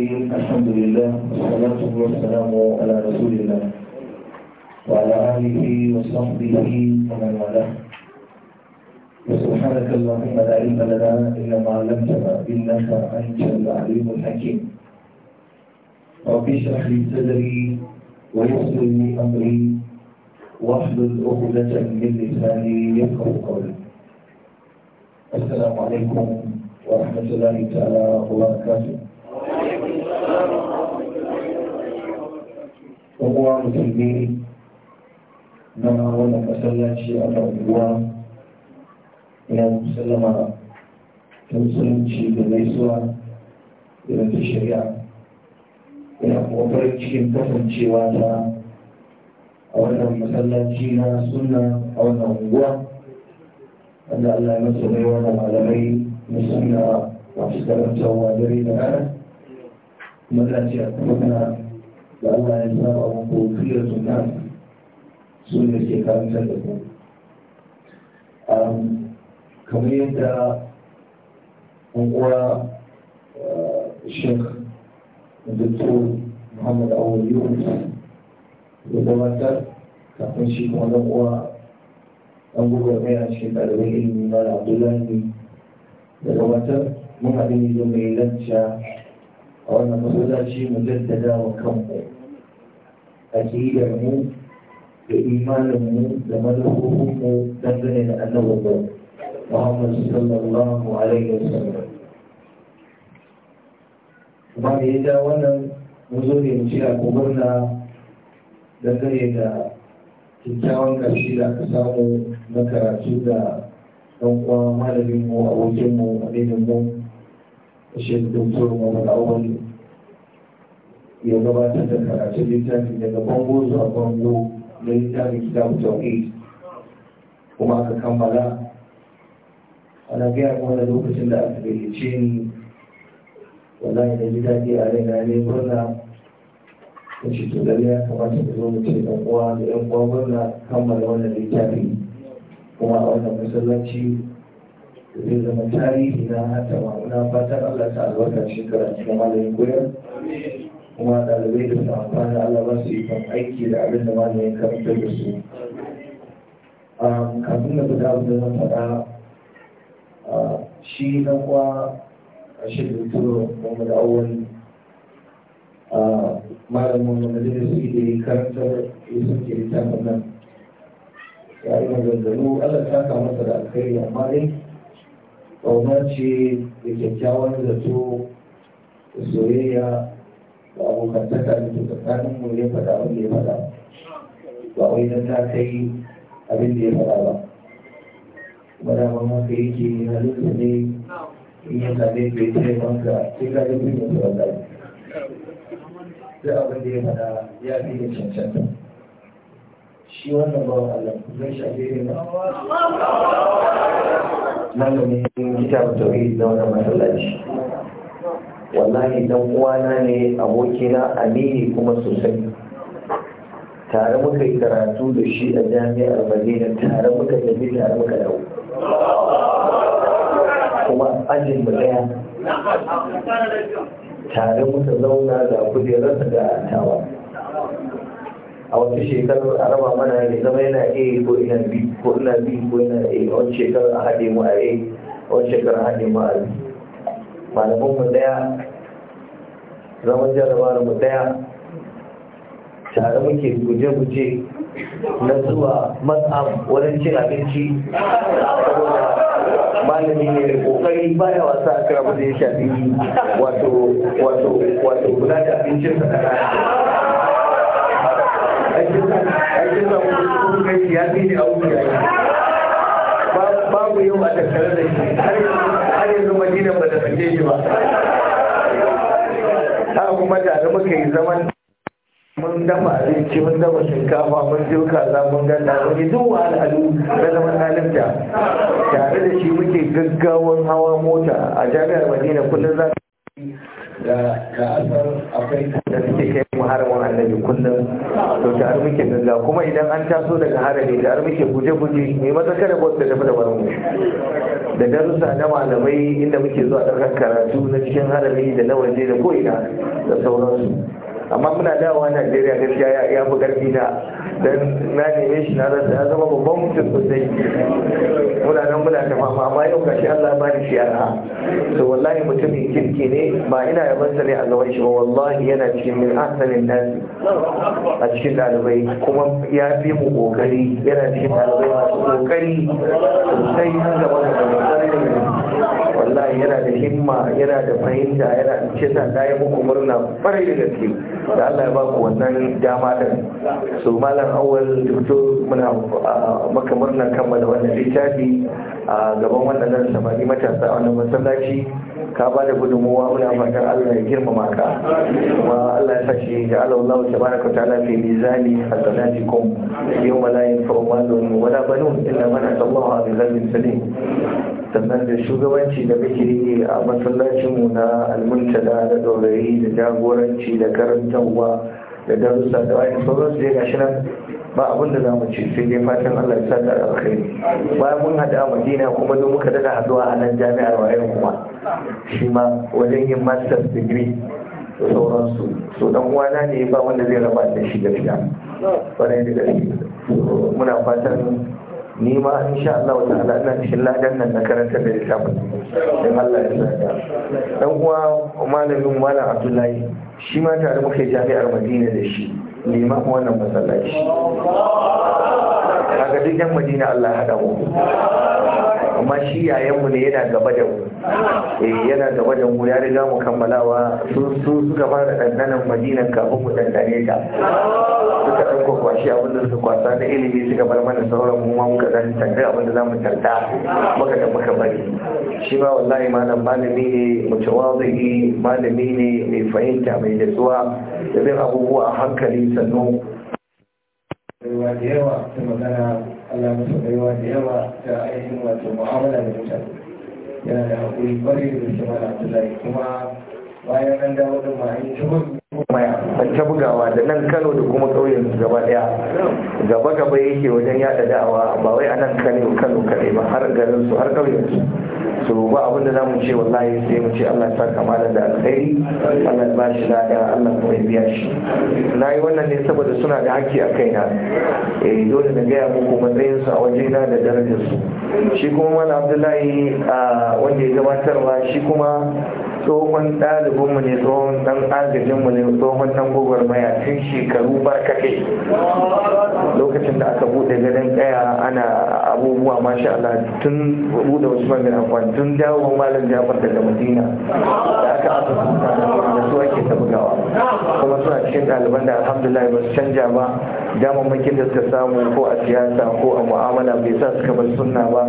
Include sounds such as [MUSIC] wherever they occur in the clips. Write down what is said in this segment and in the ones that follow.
الحمد لله والصلاة والسلام على رسول الله وعلى آله وصحبه ومن والاه وسبحانك اللهم لا علم لنا إلا ما علمتنا إنك أنت العليم الحكيم رب اشرح لي صدري ويسر لي أمري واحلل عقدة من لساني يفقه قولي السلام عليكم ورحمة الله تعالى وبركاته kuma musulmi na wannan masallaci a ɗan'uwa ya musallama ta musulunci da gaisuwa da ta shari'a ya kuma farin cikin kasancewa ta a wannan masallaci na suna a wannan unguwa wanda Allah ya masa wannan malamai na suna masu wa dare da rana masallaci da Allah ya saba muku kofiyar su nan su ne ke karantar da ku kamar yadda unguwa eh, sheikh doktor muhammad awon yunus ya gabatar kafin shi kuma da uwa an gugu mai a cikin ɗalibai ilimi na abdullahi da gabatar mun haɗu ne zo mai lacca a wannan zaci mu jaddada wa kanmu aƙidar mu da imanin mu da manufofin mu dangane da annabin Muhammad sallallahu alaihi wasallam kuma da wannan mun zo ne mu ci a kuburna dangane da kyakkyawan ƙarshe da aka samu na karatu da ɗan uwa malamin mu abokin mu a mu shekaru da Muhammad abubuwan ya gabatar da karatun littafi daga bango zuwa bango na littafin kitabu tauhid kuma aka kammala ana gaya kuma wani lokacin da aka gayyace ni wallahi da ji daɗi a na ne murna ce to gari ya kamata ku zo mu ce ɗan uwa da ɗan uwa murna kammala wannan littafi kuma a wannan masallaci zai zama tarihi na hata ma'una fatan Allah ta albarka shekara cikin malamin koyar. kuma ɗalibai da su amfani Allah ba su yi kan aiki da abin da malamin ya karanta da su kafin na fita abin da zan faɗa shi na kwa a shirin turo kuma da awon malamin na da suke da ya karanta ke suke littafin nan ya yi maganganu Allah ta kama masa da alkhairi amma dai ƙaunar ce da kyakkyawan zato da soyayya da abokantaka da ke tsakanin mu ya faɗa abin ya faɗa ba wai don ta kai abin da ya faɗa ba kuma da ban haka yake na halitta ne in yi same da ya ce maka sai ka yi bin yanzu wanda duk abin da ya faɗa ya fi da cancanta shi wannan ba Allah zai shafe ne ba malamin kitabun tauhid na wannan masallaci wallahi dan uwana ne abokina amini kuma sosai tare muka yi karatu da shi a jami'ar madina tare muka tafi tare muka dawo kuma ajin mu daya tare muka zauna da rasa da tawa a wata shekarar a raba mana ya zama yana a ko ina b ko ina b ko ina a wata shekarar a haɗe mu a a wata shekarar a haɗe mu a b malamunmu daya zaman jarrabawar mu daya tare muke guje-guje na zuwa matsam wurin cin abinci malami ne da kokari baya wasa a kira da ya shafi wato wato wato kula da abincin sa da aikin sa kuma kai ya fi ne a wuya babu yau a tattare da shi har yanzu madina ba da sake shi ba haka kuma da tare muka yi zaman mun dafa abinci mun dafa shinkafa mun je kaza mun ganda mun yi duk al'adu na zaman alimta tare da shi muke gaggawan hawa mota a jami'ar madina kullum za ga asar akwai da suke kai mu haramun annabi kullum to tare muke ganga kuma idan an taso daga harami da muke guje-guje ne maza kada bot da tafi da mu da darussa na malamai inda muke zuwa ɗaukar karatu na cikin harami da na waje da ko ina da sauransu amma muna dawowa najeriya gaskiya ya fi karfi na don na neme shi na rasa ya zama babban mutum sosai muna nan muna ta fama amma yau kashi allah ba ni shiyara to wallahi mutumin kirki ne ba ina bansa ne a gaban shi ba wallahi yana cikin min asalin nasi a cikin ɗalibai kuma ya fi mu kokari yana cikin ɗalibai masu kokari sosai har gaban da wallahi yana da himma yana da fahimta yana da sa da ya muku murna kwarai da gaske da Allah ya baku wannan dama din so malam awal fito muna maka kammala wannan littafi a gaban wannan samari matasa wannan masallaci ka ba da gudunmuwa muna fatan Allah ya girmama ka kuma Allah ya sashi ya Allah ta tabaraka wa ta'ala fi mizani hasanatikum yawma la yanfa'u malun wala banun illa man ata Allah bi qalbin salim sannan da shugabanci da muke yi a masallacin mu na almuntada da dogari da jagoranci da karantarwa da darussa da wani sauransu su gashi nan ba abin da za mu ci sai dai fatan Allah ya sa da alkhairi bayan mun hada Madina kuma zo muka daga haduwa a nan jami'ar wayan kuma shi ma wajen yin master's degree da sauransu so dan wana ne ba wanda zai raba da shi gaskiya kwarai da gaske muna fatan ni ma sha Allah wa ta'ala ina cikin ladan nan na karanta da littafin da Allah ya saka dan uwa malamin malam Abdullahi shi ma tare muke jami'ar Madina da shi liman wannan masallaci kaga duk yan Madina Allah ya hada mu amma shi yayanmu ne yana gaba da mu eh yana gaba da mu ya riga mu kammalawa su su suka fara dandanan madinan kafin mu dandane ta suka dan kwakwashi abin da suka kwasa na ilimi suka bar mana sauran mu ma muka dan tanda abin da zamu tanda muka da muka bari shi ma wallahi malam malami ne mutawazi malami ne mai fahimta mai nutsuwa da bin abubuwa a hankali sannu da yawa ta magana Allah masu baiwa da yawa da ainihin wato mu'amala da mutane yana da haƙuri kwarai da gaske mana Abdullahi kuma bayan an dawo da ma'ayin ta ta bugawa da nan Kano da kuma ƙauyen gaba ɗaya gaba gaba yake wajen yada da'awa ba wai a nan Kano Kano kaɗai ba har garin su har ƙauyen su so ba abin da zamu ce wallahi sai mu ce Allah ta kamala da alkhairi Allah ya bashi lada Allah kuma ya biya shi na wannan ne saboda suna da haƙƙi a kaina eh dole na gaya muku matsayin su a waje wajena da darajar su shi kuma mana Abdullahi wanda ya gabatarwa shi kuma tsohon ɗalibinmu ne tsohon ɗan agajinmu ne tsohon ɗan maya tun shekaru barkatai lokacin da aka buɗe ganin ɗaya ana abubuwa masha Allah tun buɗe wasu mamin amfani tun dawo malam jafar daga madina da aka aka suna da su ake ta bugawa kuma suna cikin ɗaliban da alhamdulillah ba su canja ba damammakin da suka samu ko a siyasa ko a mu'amala bai sa suka bar sunna ba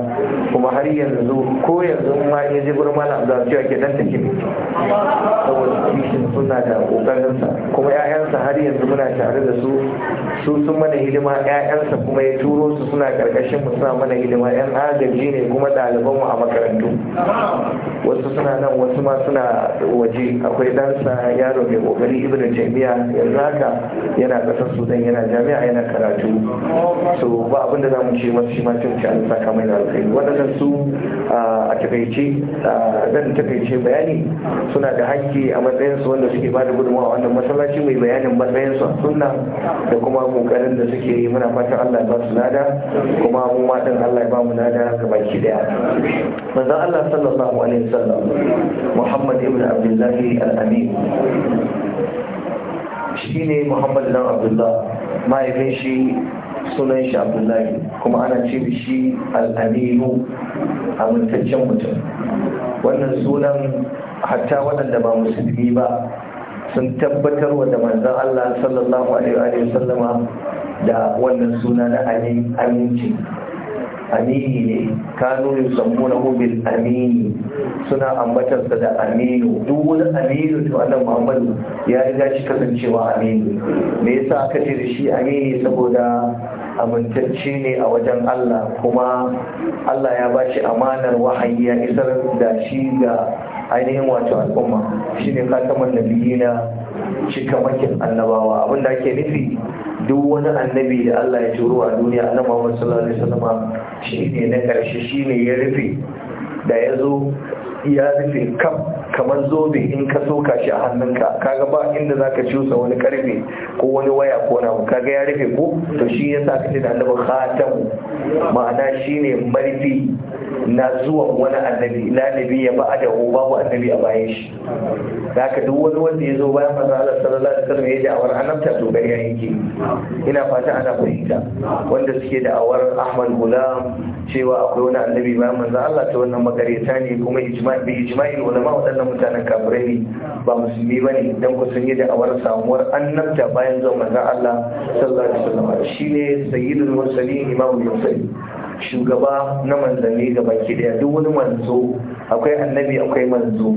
kuma har yanzu ko yanzu ma ya ji gurin malam da cewa ke dan take saboda kishin suna da kokarinsa kuma ƴaƴansa har yanzu muna tare da su su sun mana hidima ƴaƴansa kuma ya turo su suna karkashin mu suna mana hidima ƴan agaji ne kuma mu a makarantu wasu suna nan wasu ma suna waje akwai dansa yaro mai ƙoƙari ibn jami'a yanzu haka yana ƙasar sudan yana jami'a yana karatu so ba abinda za mu ce masu shi matin ci an saka mai da waɗannan su a takaice zan takaice bayani suna da hakki a matsayinsu wanda suke ba da gudunmawa wannan masallaci mai bayanin matsayinsu a sunna da kuma ƙoƙarin da suke yi muna fatan allah ba su lada kuma mu ma allah ya ba mu lada ga baki daya Allah sallallahu alaihi wasallam Muhammad ibn Abdullah al-Amin shine Muhammad ibn Abdullah mai shi sunan shi Abdullahi kuma ana ce shi al-Aminu mutaccen mutum wannan sunan hatta waɗanda ba musulmi ba sun tabbatar wa da manzon Allah sallallahu alaihi wasallama da wannan suna na aminci amini ne kanu na bil amini suna ambatarsa da aminu duk wani aminu to annabi Muhammadu ya riga shi kasancewa aminu me yasa aka ce da shi amini saboda amintacce ne a wajen Allah kuma Allah ya bashi amanar wahayi ya isar da shi ga ainihin wato al'umma shine khataman nabiyina cikamakin annabawa abinda ake nufi duk wani annabi da Allah ya turo a duniya annabi Muhammad sallallahu alaihi wasallam shine na karshe shine ya rufe da ya zo ya rufe kam kamar zobe in ka soka shi a hannunka kaga ba inda zaka cusa wani karfe ko wani waya ko na ku kaga ya rufe ko to shi ya sa kace da annabi khatam ma'ana shine marfi na zuwa wani annabi la nabi ya ba da babu annabi a bayan shi zaka duk wani wanda ya zo bayan manzo Allah sallallahu alaihi wasallam ya ji awar annabta to gari yake ina fata ana fahimta wanda suke da awar Ahmad Gulam cewa akwai wani annabi bayan manzo Allah ta wannan makareta ne kuma ijma'i bi ijma'i ulama wadannan na mutanen kafirai ne ba musulmi ba ne don ku sun yi awar samuwar annabta bayan zuwa manzon Allah sallallahu alaihi wasallam shine sayyidul mursalin imamu Yusuf, shugaba na manzanni gaba baki daya duk wani manzo akwai annabi akwai manzo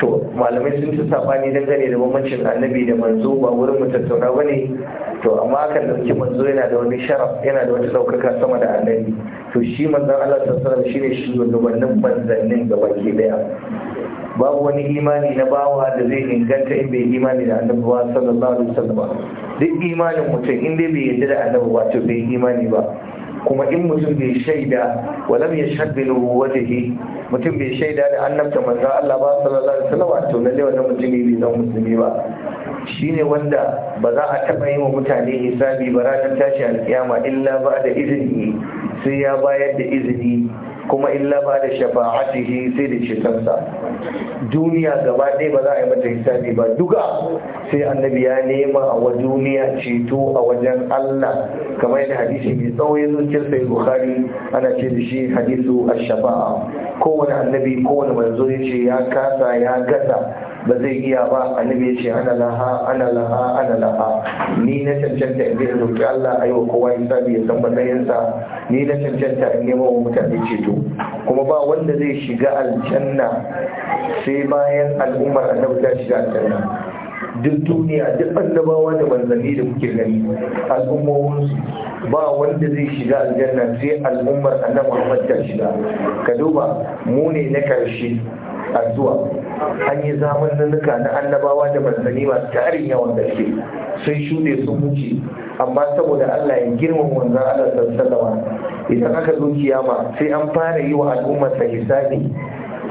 to malamai sun ci sabani dangane da bambancin annabi da manzo ba wurin mu tattauna bane to amma da dauki manzo yana da wani sharaf yana da wata saukaka sama da annabi to shi manzon Allah sallallahu alaihi wasallam shine shugabannin manzannin da baki daya babu wani imani na bawa da zai inganta in bai imani da annabi ba sallallahu alaihi wasallam duk imanin mutum in dai bai yarda da annabi ba to bai imani ba kuma in mutum bai shaida walam ya shaddil wajhi mutum bai shaida da annabta manzan Allah ba sallallahu alaihi wasallam to lalle na mutumi bai zama musulmi ba shine wanda ba za a taɓa yi wa mutane hisabi ba ranar tashi alkiyama illa ba da izini sai ya bayar da izini kuma illa ba da shafa'atihi sai da cetonsa duniya gaba ɗaya ba za a yi mata hisabi ba duka sai annabi ya nema a wa duniya ceto a wajen Allah kamar yadda hadisi mai tsawo ya zo sai ana ce da shi hadisu a shafaa kowane annabi kowane manzo ya ce ya kasa ya gasa ba zai iya ba annabi ya ce ana laha ana laha ana laha ni na cancanta in zai roƙi Allah a yi wa kowa ya sabi ya san matsayinsa ni na cancanta in nema wa mutane ceto kuma ba wanda zai shiga aljanna sai bayan al'ummar annabi ta shiga aljanna duk duniya duk annabawa da manzanni da kuke gani al'ummominsu ba wanda zai shiga aljanna sai al'ummar annabi Muhammad ta shiga ka duba mu ne na karshe addu'a an yi zaman zamaninnuka na annabawa da manzanni masu tarin yawan gaske sai shuɗe sun wuce amma saboda Allah ya girmama wanzan Allah sallallahu idan aka zo kiyama sai an fara yi wa al'ummar sa hisabi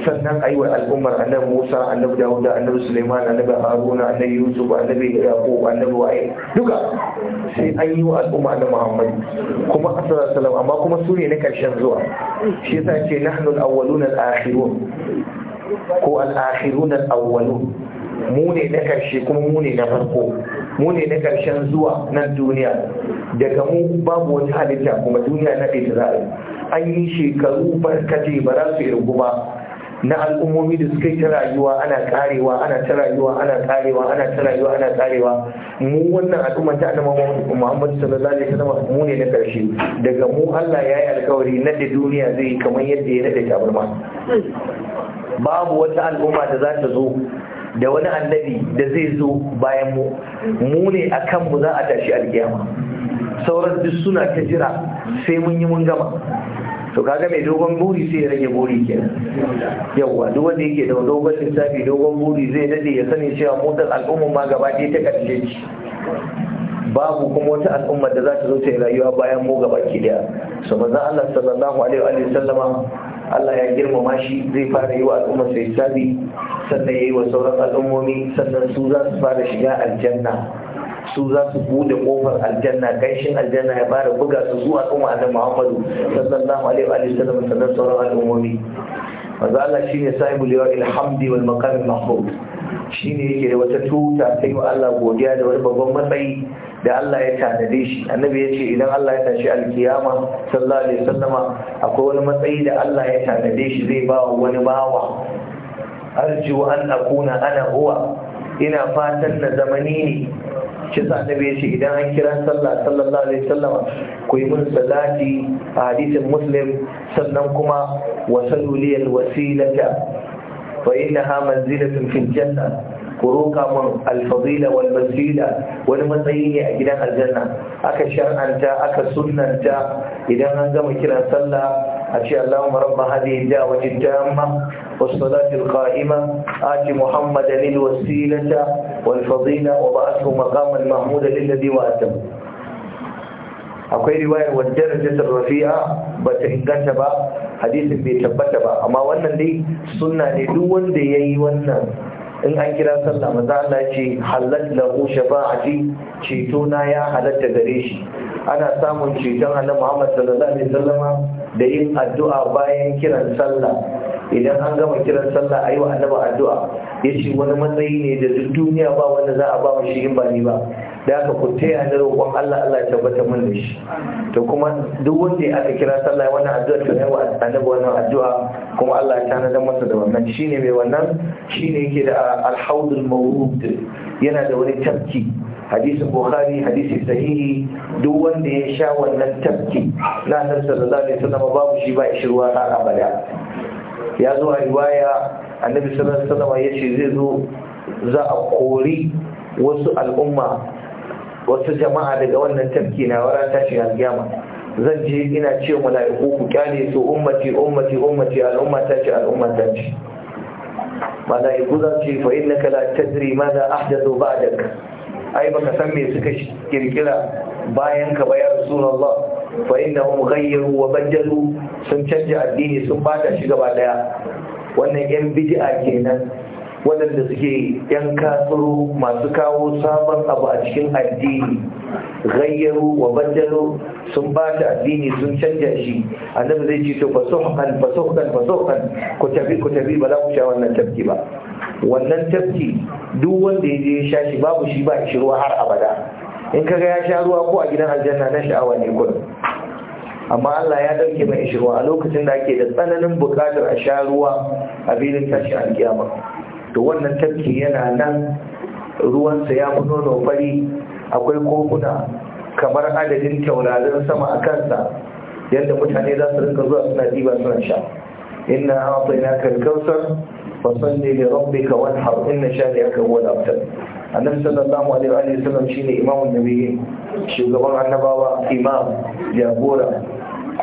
sannan ayi wa al'ummar annabi Musa annabi Dawud annabi Sulaiman annabi Haruna annabi Yusuf annabi Yaqub annabi Wa'il duka sai an yi wa al'umma annabi Muhammad kuma sallallahu alaihi amma kuma sune na karshen zuwa shi yasa ce nahnu al-awwaluna al-akhirun ko al'akhirun al'awwalu mu ne na karshe kuma mu ne na farko mu ne na karshen zuwa nan duniya daga mu babu wani halitta kuma duniya na ɗaya za an yi shekaru barkate ba za su irgu ba na al'ummomi da suka yi ta rayuwa ana karewa ana ta rayuwa ana karewa ana ta rayuwa ana karewa mu wannan al'umma ta annabi Muhammad sallallahu alaihi wasallam mu ne na karshe daga mu Allah ya yi alkawari na da duniya zai kamar yadda ya nade tabarma babu wata al'umma da za ta zo da wani annabi da zai zo bayan mu mu ne akan mu za a tashi alkiyama sauran duk suna ta jira sai mun yi mun gama to kaga mai dogon buri sai ya rage buri ke yawa duk wanda yake da dogon lissafi dogon buri zai dade ya sani cewa motar al'umma ma gaba ɗaya ta ƙarshe ce babu kuma wata al'ummar da za ta zo ta yi rayuwa bayan mu gaba ki daya so manzon Allah sallallahu alaihi wa sallama Allah ya girmama shi zai fara yi wa al'umma sai sabi sannan yayi wa sauran al'ummomi sannan su za su fara shiga aljanna su za su bude kofar aljanna gaishin aljanna ya fara buga su zuwa kuma annabi Muhammadu sallallahu alaihi wa sallam sannan sauran al'ummomi manzo Allah shine sahibul yawil hamdi wal maqam mahmud shine yake da wata tuta sai wa Allah godiya da wani babban matsayi da Allah ya tanade shi annabi ya ce idan Allah ya tashi alkiyama sallallahu alaihi wasallama akwai wani matsayi da Allah ya tanade shi zai ba wa wani bawa arju an akuna ana huwa ina fatan na zamani ne shi sa annabi ya ce idan an kira sallah sallallahu alaihi wasallam ku yi mun salati a hadisin muslim sannan kuma wa saluli wasilata fa innaha manzilatun fil janna ku roka mun alfadila wal wani matsayi ne a gidan aljanna aka shar'anta aka sunnanta idan an gama kiran sallah أشياء اللهم رب هذه الدعوة التامة والصلاة القائمة آت محمدا الوسيلة والفضيلة وبعثه مقاما محمودا للذي وأتم akwai riwayar wajen jatar rafi'a ba ta inganta ba hadisin bai tabbata ba amma wannan dai suna ne duk wanda ya yi wannan in an kira sallah maza Allah ce halal a shafa'ati ceto na ya halatta gare shi ana samun ceton annabi Muhammad sallallahu alaihi wasallama da yin addu'a bayan kiran sallah idan an gama kiran sallah a yi wa annaba addu'a ya ce wani matsayi ne da duk duniya ba wanda za a ba mu shi in ba ni ba da aka ku taya da roƙon Allah Allah ya tabbata mun da shi to kuma duk wanda ya aka kira sallah wannan addu'a to yawa annabi wannan addu'a kuma Allah ya tanadar masa da wannan shine mai wannan shine yake da alhaudul mawrud yana da wani tafki hadisin bukhari hadisi sahihi duk wanda ya sha wannan tafki na annabi sallallahu alaihi wasallam babu shi ba shirwa na abada ya zo a riwaya annabi sallallahu alaihi wasallam ya ce zai zo za a kori wasu al'umma wasu jama'a daga wannan tafki na wara tashin alkiyama zan je ina ce mala'iku ku kyale su ummati ummati ummati al'umma ta ce al'umma ta ce mala'iku za su ce fa innaka la tadri madha ahdathu ba'dak ai baka san me suka kirkira bayan ka bayar rasulullah fa innahum ghayyaru wa badalu sun canja addini sun bata shi gaba daya wannan yan bid'a kenan wadanda suke yan kafiru masu kawo sabon abu a cikin addini ghayyaru wa badalu sun bata addini sun canja shi annabi zai ce to fasuhan fasuhan fasuhan ku tafi ku tafi ba za ku sha wannan tafki ba wannan tafki duk wanda ya je ya sha shi babu shi ba shi ruwa har abada in kaga ya sha ruwa ko a gidan aljanna na sha'awa ne kun amma Allah ya dauke mai shi ruwa a lokacin da ake da tsananin buƙatar a sha ruwa a filin tashi alkiyama to wannan tafki yana nan ruwansa ya fi nono fari akwai kofuna kamar adadin taurarin sama a kansa yadda mutane za su rinka zuwa suna diba suna sha inna a na kalkausar fasalli wani rabbika wanhar inna shani'aka huwal abtar annabi sallallahu alaihi wa alihi wasallam shine imamun nabiyyi shugaban annabawa imam jagora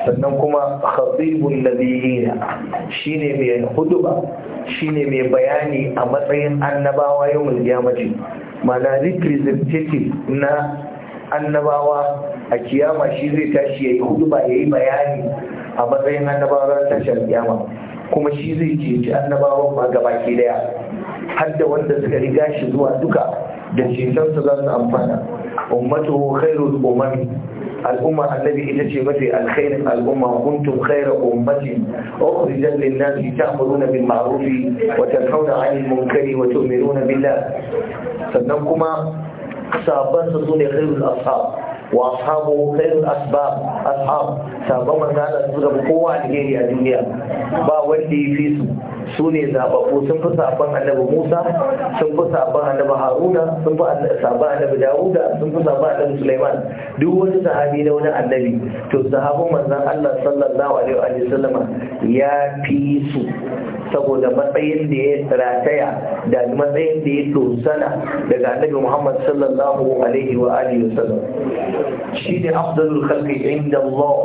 sannan kuma khatibun Shi ne mai shi ne mai bayani a matsayin annabawa yawmul qiyamati mana representative na annabawa a kiyama shi zai tashi ya yi yayi ya yi bayani a matsayin annabawa ran tashar kiyama kuma shi zai ceci annabawan ma gaba ke daya har da wanda suka riga shi zuwa duka da cetonsa za su amfana ummatu khairu umami al'umma annabi ita ce mafi alkhairin al'umma kuntum khaira ummati ukhrijat lin nas ta'muruna bil ma'ruf wa tanhawna 'anil munkari wa tu'minuna billah sannan kuma sahabban su ne khairul ashab wa ashabu khairul asbab ashab sabon manzo Allah su zama kowa alheri a duniya ba wanda ya fi su su ne zababbu sun fi sabon annabi musa sun fi sabon annabi haruna sun fi sabon annabi dawuda sun fi sabon annabi suleiman duk wani sahabi na wani annabi to sahabin manzon allah sallallahu alaihi wa sallama ya fi su saboda matsayin da ya rataya da matsayin da ya dosana daga annabi muhammad sallallahu alaihi wa alihi wa sallam shi ne afdalul khalqi inda allah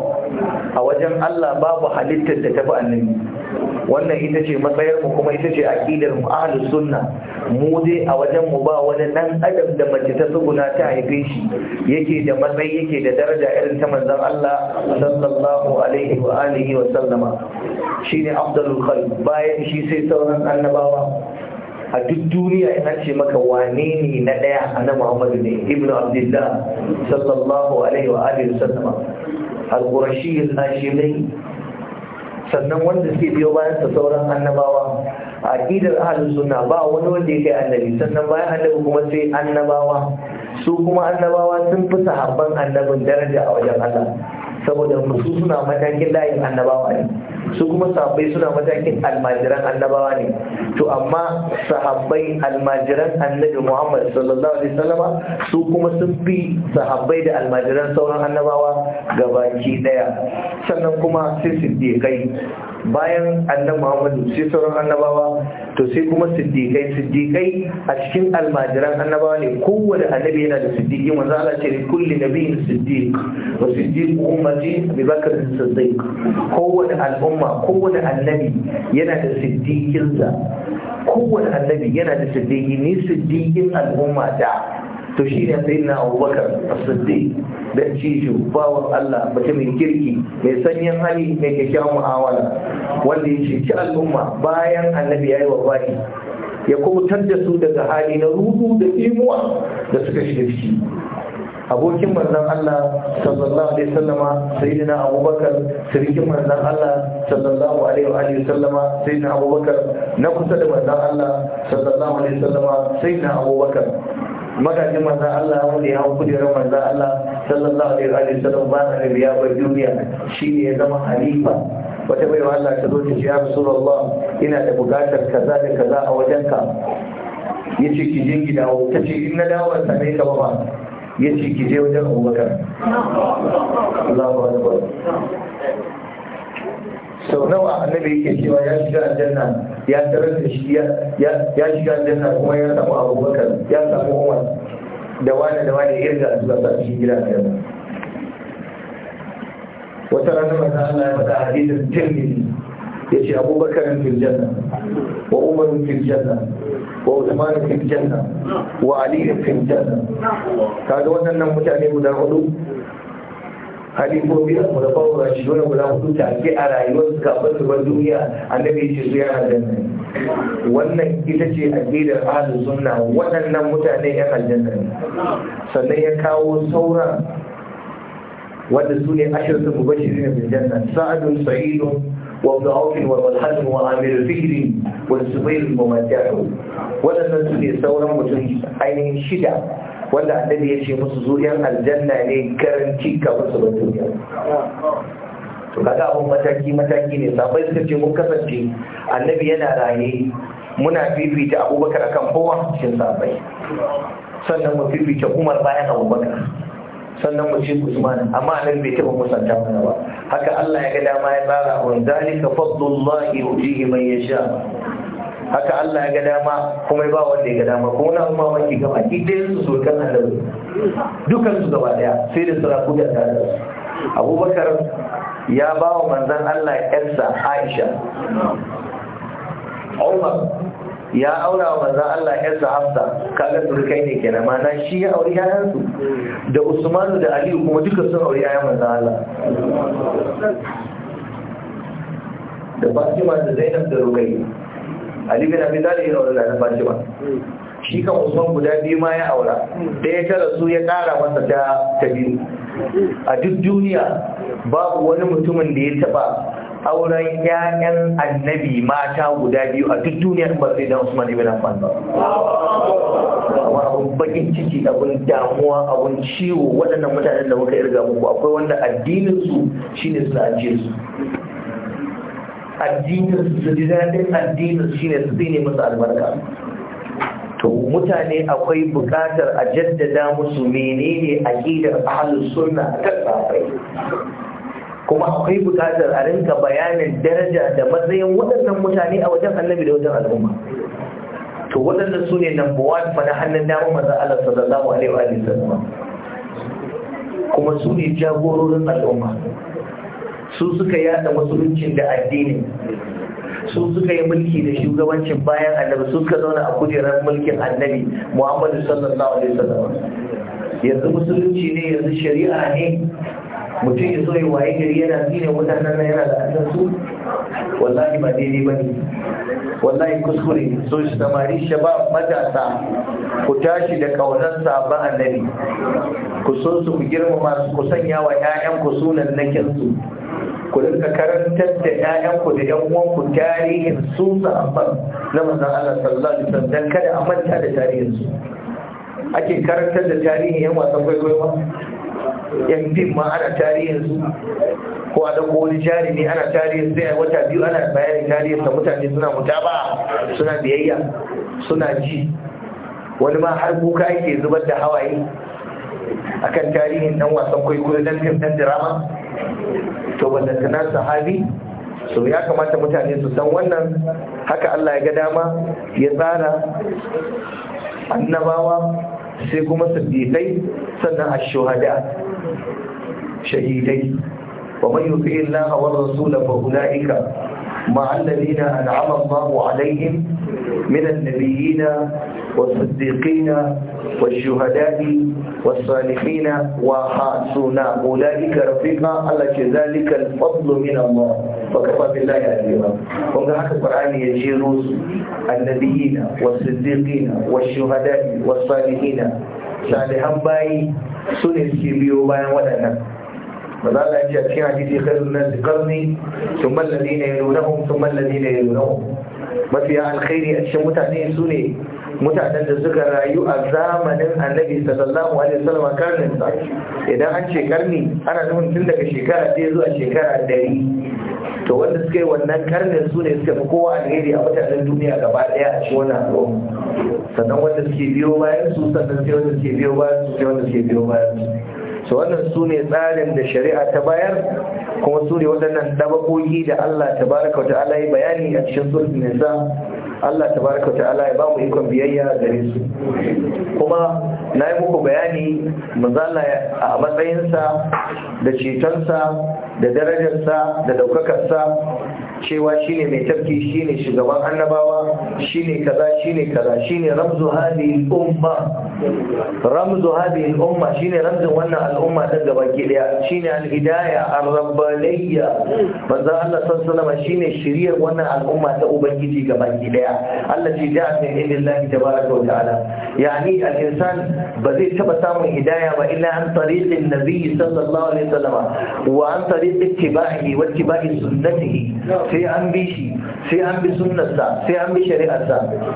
a wajen allah babu halittar da tafi annabi wannan ita ce matsayarmu kuma ita ce aqidar mu ahlus sunna mu dai a wajen mu ba wani dan adam da mace ta tsuguna ta haife shi yake da matsayi yake da daraja irin ta manzon Allah sallallahu alaihi wa alihi wa sallama shine afdalul khalq bayan shi sai sauran annabawa a duk duniya ina ce maka wane ne na daya annabi Muhammad ne ibnu abdullah sallallahu alaihi wa alihi wa sallama al-qurashi al-hashimi sannan wanda suke biyo bayan sa sauran annabawa a kidar ahalin suna ba wani wanda ya kai annabi sannan bayan annabi kuma sai annabawa su kuma annabawa sun fi sahabban annabin daraja a wajen Allah saboda su suna matakin layin annabawa ne su kuma sahabbai suna matakin almajiran annabawa ne to amma sahabbai almajiran annabi Muhammad sallallahu alaihi wasallama su kuma sun fi sahabbai da almajiran sauran annabawa baki daya sannan kuma sai siddiqai bayan annabi Muhammad sai sauran annabawa to sai kuma siddiqai siddiqai a cikin almajiran annabawa ne kowanne annabi yana da siddiqi manzo Allah ce kulli nabiyyin siddiq wa siddiq ummati bi bakr siddiq kowanne al'umma al'umma kowane annabi yana da siddiƙinsa kowane annabi yana da siddiƙi ni siddiƙin al'umma ta to shi ne sai na abubakar a siddi da cijo bawan allah mutumin kirki mai sanyin hali mai kyakkyawan mu'awala wanda ya cici al'umma bayan annabi ya yi wa baki ya kubutar da su daga hali na ruhu da imuwa da suka shiga abokin manzon Allah sallallahu alaihi sallama sai sayyidina Abubakar sirkin manzon Allah sallallahu alaihi wa sallama sai sayyidina Abubakar na kusa da manzon Allah sallallahu alaihi sallama sai sayyidina Abubakar magajin manzan Allah wani ya hau kujerar manzan Allah sallallahu alaihi wa sallam ba na ya bar duniya ne ya zama halifa wata baiwa Allah ta zo ta ce ya Rasulullah ina da bukatar kaza da kaza a wajenka yace ki je ki dawo tace in na dawo ban same ka ba ya ce ki je wajen abubakar Allahu akbar sau nawa annabi yake cewa ya shiga aljanna ya tarar da shi ya shiga aljanna kuma ya samu abubakar ya samu umar da wani da wani irga zuwa sashen gida da wata ranar manzan Allah ya faɗa hadisin tirmidhi yace abubakar fil janna wa umar fil wa usman fil wa Aliyu fil janna ga waɗannan mutane guda hudu halifofi da kuma fawo a shi dole guda hudu take a su kafin su bar duniya annabi ce su yana janna wannan ita ce aqidar ahlus sunna waɗannan mutane yan aljanna sannan ya kawo sauran wanda su ne ashirin su mubashirin ne janna sa'adun sa'idun وابن عوف والحسن وعامر الفكر والزبير الممدح waɗannan su ne sauran mutum ainihin shida wanda annabi ya ce musu 'yan aljanna ne karanci kafin su bar duniya to kaga mataki mataki ne sabai suka ce mun kasance annabi yana raye muna fifita abubakar akan kowa cikin sabai sannan mu fifita umar bayan abubakar sannan mu ci Usman amma nan bai taba musanta mana ba haka Allah ya ga dama ya tsara wa zalika fadlullahi yu'tihi man yasha haka Allah ya ga dama kuma ya ba wanda ya ga dama ko na umma wanki gaba idan su so kan Allah dukan su gaba daya sai da sarafu da ta Abubakar ya ba wa manzon Allah yarsa Aisha Umar ya aura wa manzan Allah ‘yarsa Hafsa kaga turkai ne kenan mana shi ya auri ‘ya'yansu da Usmanu da Aliyu kuma duka sun auri ‘ya'yan manzan Allah da Fatima da Zainab da Rukai Ali bin Abi Talib ya aure da Fatima shi kan Usman guda biyu ma ya aura Da ya ta rasu ya kara masa ta biyu a duk duniya babu wani mutumin da ya taba auren ƴaƴan annabi mata guda biyu a duk duniya ba sai dan Usman ibn Affan ba amma abun bakin ciki abun damuwa abun ciwo waɗannan mutanen da muka irga muku akwai wanda addinin su shine su ajiye su addinin su ji daɗin addinin shine su zai musu albarka to mutane akwai buƙatar a jaddada musu menene aqidar ahlus sunna ta tsafai kuma akwai bukatar a rinka bayanin daraja da matsayin waɗannan mutane a wajen annabi da wajen al'umma to waɗannan su ne number one fa na hannun damar maza Allah sallallahu alaihi wa sallam kuma su ne jagororin al'umma su suka yada musuluncin da addini su suka yi mulki da shugabancin bayan annabi su suka zauna a kujerar mulkin annabi muhammadu sallallahu alaihi wasallam yanzu musulunci ne yanzu shari'a ne mutum ya so waye gari yana zina mutanen nan yana da su wallahi ba daidai ba ne wallahi kuskure so shi samari ba matasa ku tashi da ƙaunar ba annabi ku so su ku girmama su ku sanya wa 'ya'yanku sunan su. ku rinka karantar da 'ya'yanku da 'yan uwanku tarihin su sahabban na manzon Allah sallallahu alaihi wasallam dan kada a manta da tarihin su ake karantar da tarihin 'yan wasan kwaikwayo yan fim ma ana tarihinsu, ko a dauko wani jarumi ana tarihinsu, sai a wata biyu ana bayanin tarihinsa, sa mutane suna mutaba suna biyayya suna ji wani ma har kuka yake zubar da hawaye akan tarihin ɗan wasan kwaikwayo dan fim dan drama to ballantana sahabi so ya kamata mutane su san wannan haka Allah ya ga dama ya tsara annabawa sai kuma siddiqai sannan a shuhada شهيدين ومن يطع الله والرسول فاولئك مع الذين انعم الله عليهم من النبيين والصديقين والشهداء والصالحين وحسن اولئك رفيقا الله ذلك الفضل من الله وكفى بالله عليما ومن القران يجير النبيين والصديقين والشهداء والصالحين صالحا باي su ne suke biyo bayan waɗannan ba za a ce a cikin hadisi khairun nan karni sun mallari ne yalunahum sun mallari ne yalunahum mafiya alkhairi a cikin mutane su ne mutanen da suka rayu a zamanin annabi sallallahu alaihi wasallam karnin sa idan an ce karni ana nufin tun daga shekara ɗaya zuwa shekara ɗari to wanda suka yi wannan karnin su ne suka fi kowa alheri a mutanen duniya gaba daya a cikin wannan al'umma sannan wanda suke biyo bayan su sannan sai wanda suke biyo bayan su sai wanda suke biyo bayan su To wannan su ne tsarin da shari'a ta bayar kuma su ne waɗannan dabakoki da Allah tabaraka wa ta'ala ya bayani a cikin sulhun nisa Allah tabaraka ta'ala ya ba mu ikon biyayya gare su kuma na yi muku bayani manzala a matsayinsa da cetonsa da darajarsa da daukakarsa cewa shi ne mai tafki ne shugaban annabawa shi shine kaza ne kaza shine ramzu hadhihi al-umma ramzu hadhihi al shi ne ramzin wannan al'umma ta gabaki daya shi ne Al'idaya ar-rabbaniyya manzo Allah sallallahu shi ne shiriyar wannan al'umma ta ubangiji gabaki daya Allah ji ja'a min indillahi tabaraka wa ta'ala yani al-insan ba zai taba samun hidayah ba illa an tariqin nabi sallallahu alaihi wasallam wa an tariqi ittiba'ihi wa ittiba'i sunnatihi sai an bi shi sai an bi sunnarsa sai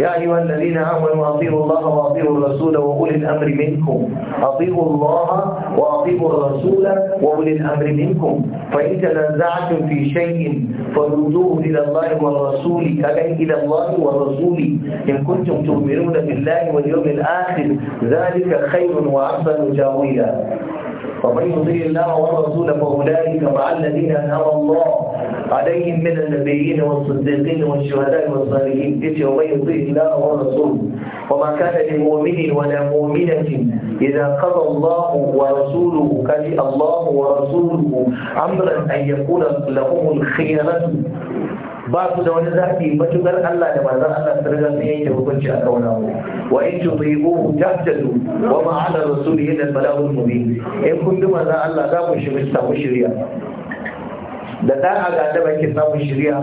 يا أيها الذين آمنوا أطيعوا الله وأطيعوا الرسول وأولي الأمر منكم أطيعوا الله وأطيعوا الرسول وأولي الأمر منكم فإن تنازعتم في شيء فردوه إلى الله والرسول أي إلى الله والرسول إن كنتم تؤمنون بالله واليوم الآخر ذلك خير وأحسن جاويا ومن يطيع الله والرسول فأولئك مع الذين أنعم الله عليهم من النبيين والصديقين والشهداء والصالحين إذ يطيع الله ورسوله وما كان لمؤمن ولا مؤمنة إذا قضى الله ورسوله كان الله ورسوله أمرا أن يكون لهم الخيرة ba su da wani zafi matukar Allah da manzon Allah ta riga sun yanke hukunci a kauna mu wa in tudibu tahtadu wa ma ala rasuli al-balagh mubin in kun bi manzon Allah za ku shirya da ɗa'a ga ke samun shirya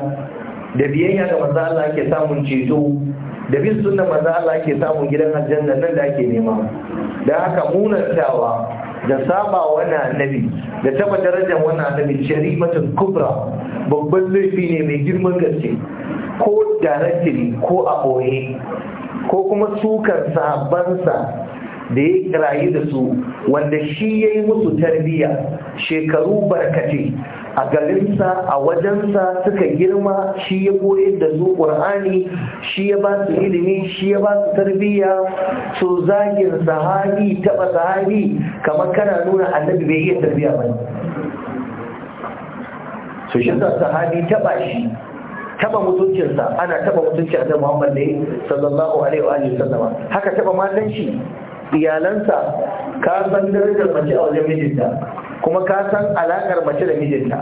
da biyayya da maza Allah ke samun ceto da bin sunan maza Allah ake samun gidan aljanna nan da ake nema da haka munantawa da saba wani annabi da taba darajar wani annabi shari'atun kubra babban laifi ne mai girman gaske ko darajiri ko a ko kuma sukar sabansa da ya rayu da su wanda shi ya yi musu tarbiyya shekaru barkace a garinsa a wajensa suka girma shi ya koyar da su ƙur'ani shi ya ba su ilimi shi ya ba su tarbiyya su zagin sahabi taɓa sahabi kamar kana nuna annabi bai iya tarbiyya ba su shi sahabi taɓa shi taba mutuncinsa ana taba mutuncin a zai muhammad ne sallallahu alaihi wa sallama haka taba matan shi iyalansa ka san darajar mace a wajen mijinta kuma ka san alakar mace da mijinta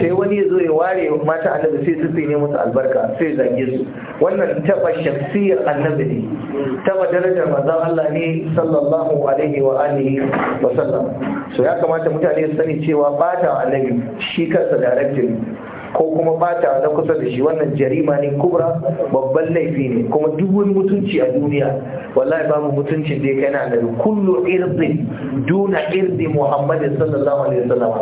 sai wani ya zo ya ware mata annabi sai su tsine musu albarka sai zage su wannan taba shafsiyar annabi ne taba darajar maza Allah ne sallallahu alaihi wa alihi wa sallam so ya kamata mutane su sani cewa bata annabi shi kansa director ko kuma bata na kusa da shi wannan jarima ne kubra babban laifi ne kuma duk wani mutunci a duniya wallahi babu mutuncin da ya kai na kullu irzi duna irzi muhammad sallallahu alaihi wasallam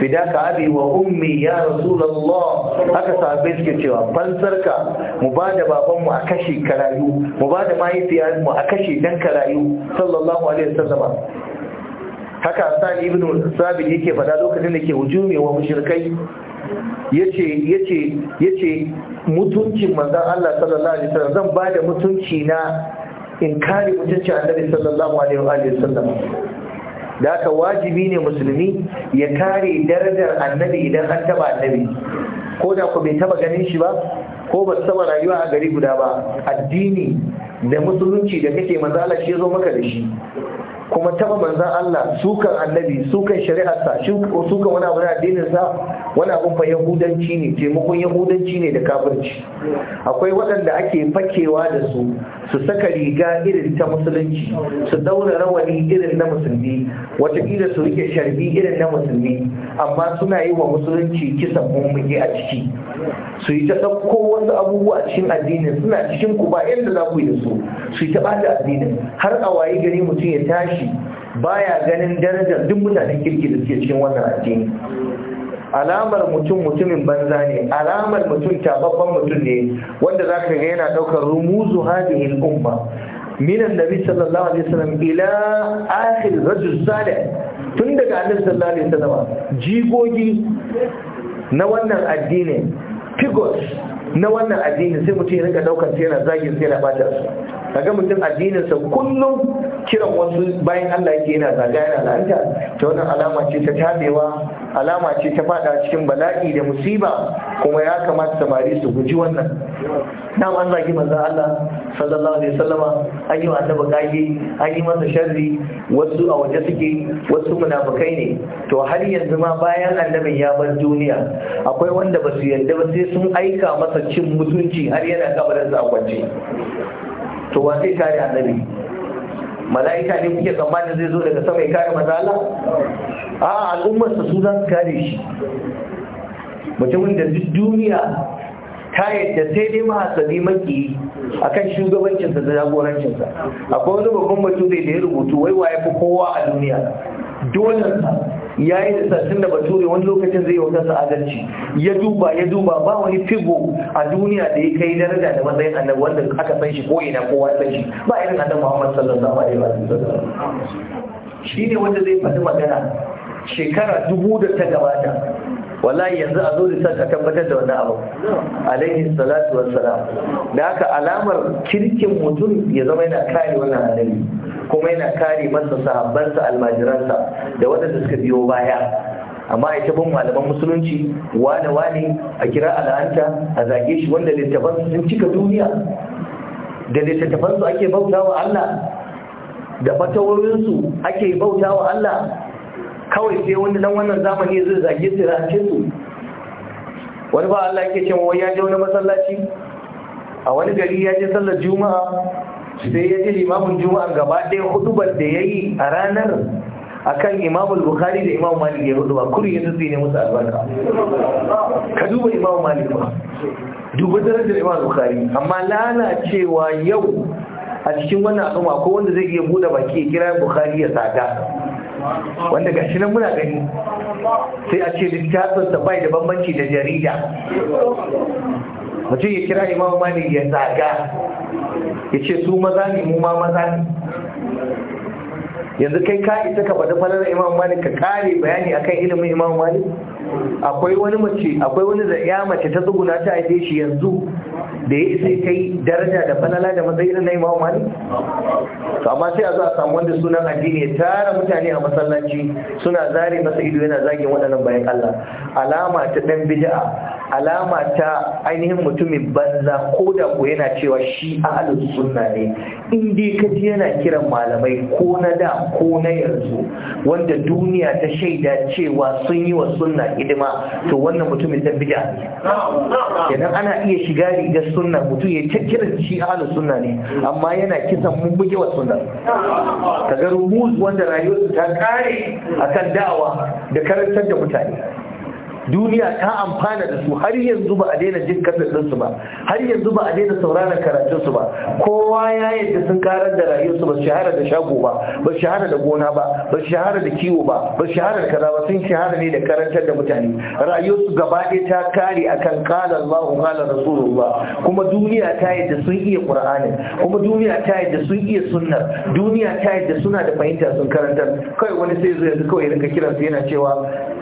fidaka abi wa ummi ya rasulullah haka sahabbai suke cewa fansarka mu bada baban mu a kashe karayu mu bada da mu a kashe dan karayu sallallahu alaihi wasallam haka sani ibnu sabi yake faɗa lokacin da ke hujumewa wa mushrikai ya ce mutuncin manzon Allah sallallahu alaihi wasallam zan ba da mutunci na in kare mutuncin annabi sallallahu alaihi wa wasallam da haka wajibi ne musulmi ya kare darajar annabi idan an taba annabi ko da ku bai taba ganin shi ba ko ba su taba rayuwa a gari guda ba addini da musulunci da kake manzala shi zo maka da shi kuma taba manzan Allah sukan annabi sukan shari'arsa sukan wani abu na addininsa wani abu fa yahudanci ne taimakon yahudanci ne da kafirci akwai waɗanda ake fakewa da su su saka riga irin ta musulunci su daura rawani irin na musulmi wataƙila su rike sharbi irin na musulmi amma suna yi wa musulunci kisan mummuke a ciki su yi ta ɗauko wasu abubuwa a cikin addinin suna cikin ku ba yadda za ku yi da su su yi ta ɓata addinin har a wayi gari mutum ya tashi Ba baya ganin daraja duk mutanen kirki da suke cikin wannan addini alamar mutum mutumin banza ne alamar mutum babban mutum ne wanda za ka ga yana ɗaukar rumuzu hadihin umma minan nabi sallallahu alaihi wasallam ila akhir rajul salih tun daga annabi sallallahu alaihi wasallam jigogi na wannan addini figures na wannan addini sai mutum ya rika daukar sai zagin sai yana su kaga mutum addinin sa kullum kiran wasu bayan Allah yake yana zaga yana la'anta ta wannan alama ce ta tabewa alama ce ta fada cikin bala'i da musiba kuma ya kamata samari su guji wannan na an zagi manzo Allah sallallahu alaihi wasallama an yi wa annabi kage an yi masa sharri wasu a waje suke wasu munafukai ne to har yanzu ma bayan annabin ya bar duniya akwai wanda ba su yarda ba sai sun aika masa cin mutunci har yana kabarin sa a kwance to wa zai kare annabi mala'ika ne kuke tsammanin zai zo daga sama ya kare maza Allah a al'ummar su su kare shi mutumin da duk duniya ta yadda sai dai mahasali maki kan shugabancinsa da jagorancinsa akwai wani babban mutum da ya rubutu wai waye fi kowa a duniya dole ya yi da sassin da bature wani lokacin zai wa adalci ya duba ya duba ba wani fibo a duniya da ya kai daraja da matsayin annabi wanda aka san shi ko ina kowa san shi ba irin annabi Muhammad sallallahu alaihi Shi shine wanda zai faɗi magana shekara dubu da ta gabata wallahi yanzu a zo research a tabbatar da wannan abu alaihi salatu wassalam da haka alamar kirkin mutum ya zama yana kare wannan annabi kuma yana kare masa sahabbansa almajiransa da waɗanda suka biyo baya amma ita bin malaman musulunci wane wane a kira al'anta a zage shi wanda littafan sun cika duniya da littattafan su ake bauta wa Allah da fatawoyinsu ake bauta wa Allah kawai sai wani dan wannan zamani zai zage su da rance su wani ba Allah yake cewa wai ya je wani masallaci a wani gari ya je sallar juma'a sai ya ji limamin juma'a gaba ɗaya hudubar da ya yi a ranar akan imamu bukhari da imamu malik ya hudu ba kuri ya tsitsi ne musu albarka ka duba imamu malik ba duba darajar imamu bukhari amma lalacewa yau a cikin wannan al'umma ko wanda zai iya bude baki ya kira bukhari ya tsada wanda gashi nan muna gani sai a ce littafinsa bai da bambanci da jarida mutum ya kira imam mani ya zaga ya ce su maza ne mu ma maza ne yanzu kai ka isa ka bada falar imam mani ka kare bayani akan ilimin imam mani? akwai wani mace akwai wani da ya mace ta tsuguna ta haife shi yanzu da ya isa kai daraja da falala da matsayin na imamu malik amma sai a zo a samu wanda sunan addini ya tara mutane a masallaci suna zare masa ido yana zagin waɗannan bayan Allah alama ta ɗan bid'a alama ta ainihin mutumin banza ko da ko yana cewa shi ahlus sunna ne in dai ka ji yana kiran malamai ko na da ko na yanzu wanda duniya ta shaida cewa sun yi wa sunna hidima to wannan mutumin dan bid'a ne ana iya shiga rigar sunna mutum ya kira shi ahlus sunna ne amma yana kisan mun buge wa sunna kaga rumuz wanda rayuwarsu ta kare akan da'awa da karantar da mutane duniya ta amfana da su har yanzu ba a daina jin su ba har yanzu ba a daina sauraron karatunsu ba kowa ya yadda sun karar da rayuwarsu ba shahara da shago ba ba shahara da gona ba ba shahara da kiwo ba ba shahara da kaza ba sun shahara ne da karantar da mutane rayuwarsu gaba ɗaya ta kare akan qala Allahu qala Rasulullah kuma duniya ta yadda sun iya Qur'anin kuma duniya ta yadda sun iya sunnar duniya ta yadda suna da fahimta sun karantar kai wani sai zo ya kawai rinka kiransu yana cewa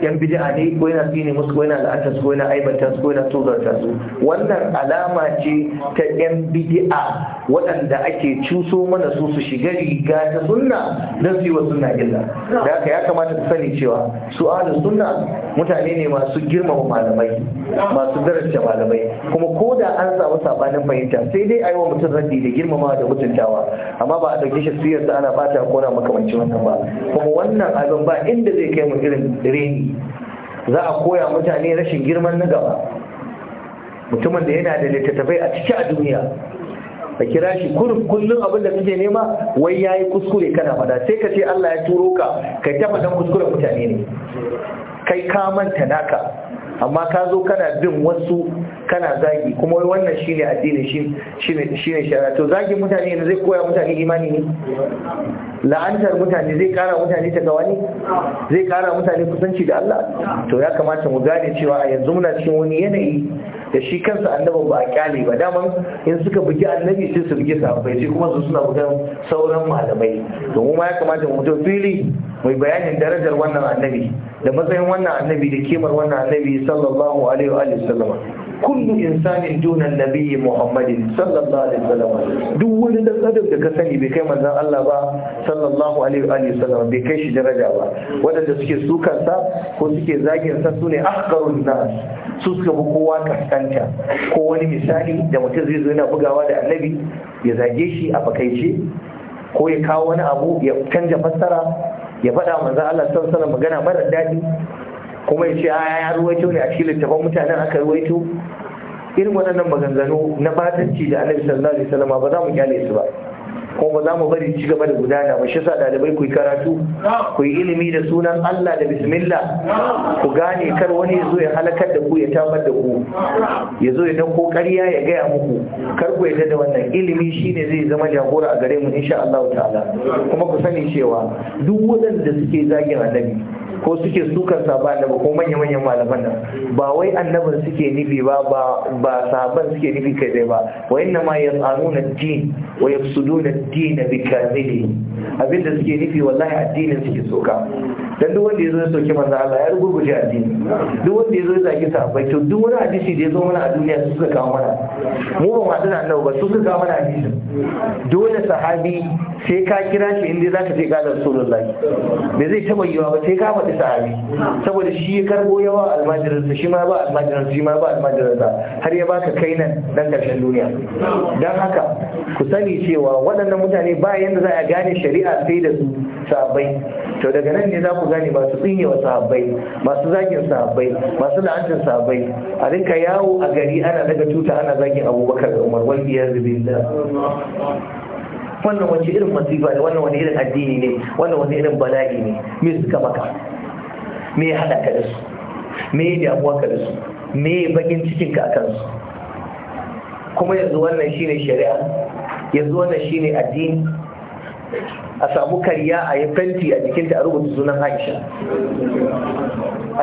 yan bid'a ne ko yana ne musu ko yana la'anta su ko yana aibanta su ko yana tozarta su wannan alama ce ta yan bidi'a waɗanda ake cuso mana su su shiga riga ta sunna don su yi wa sunna illa da haka ya kamata su sani cewa su ahlus sunna mutane ne masu girmama malamai masu daraja malamai kuma ko da an samu sabanin fahimta sai dai a yi wa mutum raddi da girmama da mutuntawa amma ba a ɗauke shi siyar da ana bata ko na makamancin wannan ba kuma wannan abin ba inda zai kai mu irin reni za a koya mutane rashin girman na gaba mutumin da yana da littattafai a ciki a duniya A kira shi kullum abin da kake nema wai ya yi kuskure kana fada sai ka ce Allah ya turo ka kai ta fadan kuskuren mutane ne kai ka manta naka amma ka zo kana bin wasu kana zagi kuma wai wannan shine addini shine shine shari'a to zagi mutane ne zai koya mutane imani ne la'antar mutane zai kara mutane ta gawani zai kara mutane kusanci da Allah to ya kamata mu gane cewa a yanzu muna cikin wani yanayi da shi kansa annabin ba a kyale ba daman in suka bugi annabi sai su bugi sahabbai sai kuma su suna bugan sauran malamai domin ma ya kamata mu mutum fili mai bayanin darajar wannan annabi da matsayin wannan annabi da kimar wannan annabi sallallahu alaihi wa sallama kullu insanin duna nabiyyi muhammadin sallallahu alaihi wa sallama duk wani da tsadin da ka sani bai kai manzon Allah ba sallallahu alaihi wa sallama bai kai shi daraja ba wadanda suke sukan sa ko suke zagin sa sune ahqarun nas su suka bi kowa kaskanta ko wani misali da mutum zai zo yana bugawa da annabi ya zage shi a fakaice ko ya kawo wani abu ya canja fassara ya faɗa manzan Allah san alaihi magana mara daɗi kuma ya ce a ya ruwaito ne a cikin littafin mutanen aka ruwaito irin waɗannan maganganu na batanci da annabi sallallahu alaihi wasallam ba za mu kyale su ba ko ba za mu bari ci gaba da gudana ba shi sa dalibai ku yi karatu ku yi ilimi da sunan Allah da bismillah ku gane kar wani ya zo ya halakar da ku ya tabar da ku ya zo ya dauko ƙarya ya gaya muku kar ku yarda da wannan ilimi shine zai zama jagora a gare mu insha Allah ta'ala kuma ku sani cewa duk waɗanda suke zagin annabi ko suke sukar saba annabi ko manya-manyan malaman nan ba wai annabin suke nufi ba ba saban suke nufi kai dai ba wa inna ma tsaro na din wa yafsuduna na din bi kamili abinda suke nufi wallahi addinin suke soka dan duk wanda ya zo ya soki manzo Allah ya rugurguje addini duk wanda ya zo ya zaki sahabbai to duk wani hadisi da ya zo mana a duniya su suka kawo mana mu ba masu da nawa ba su suka kawo mana hadisin dole sahabi sai ka kira shi inda za ka ce kala rasulullahi bai zai taba yiwa ba sai ka faɗi sahabi saboda shi ya karbo yawa almajiransa shi ma ba almajiransa shi ma ba almajiransa har ya baka kai nan dan karshen duniya dan haka ku sani cewa waɗannan mutane ba yanda za a gane shari'a sai da su sabai to daga nan ne za ku gane masu tsinye wa sahabbai masu zagin sahabbai masu la'antar sahabbai a rinka yawo a gari ana daga tuta ana zagin abubakar da umar wani biyar da. wannan wace irin masifa ne wannan wani irin addini ne wannan wani irin bala'i ne me suka maka me ya hada ka da su me ya damuwa ka da su me ya bakin cikin ka akan su kuma yanzu wannan shine shari'a yanzu wannan shine addini a samu karya a yi fenti a jikinta a rubuta sunan aisha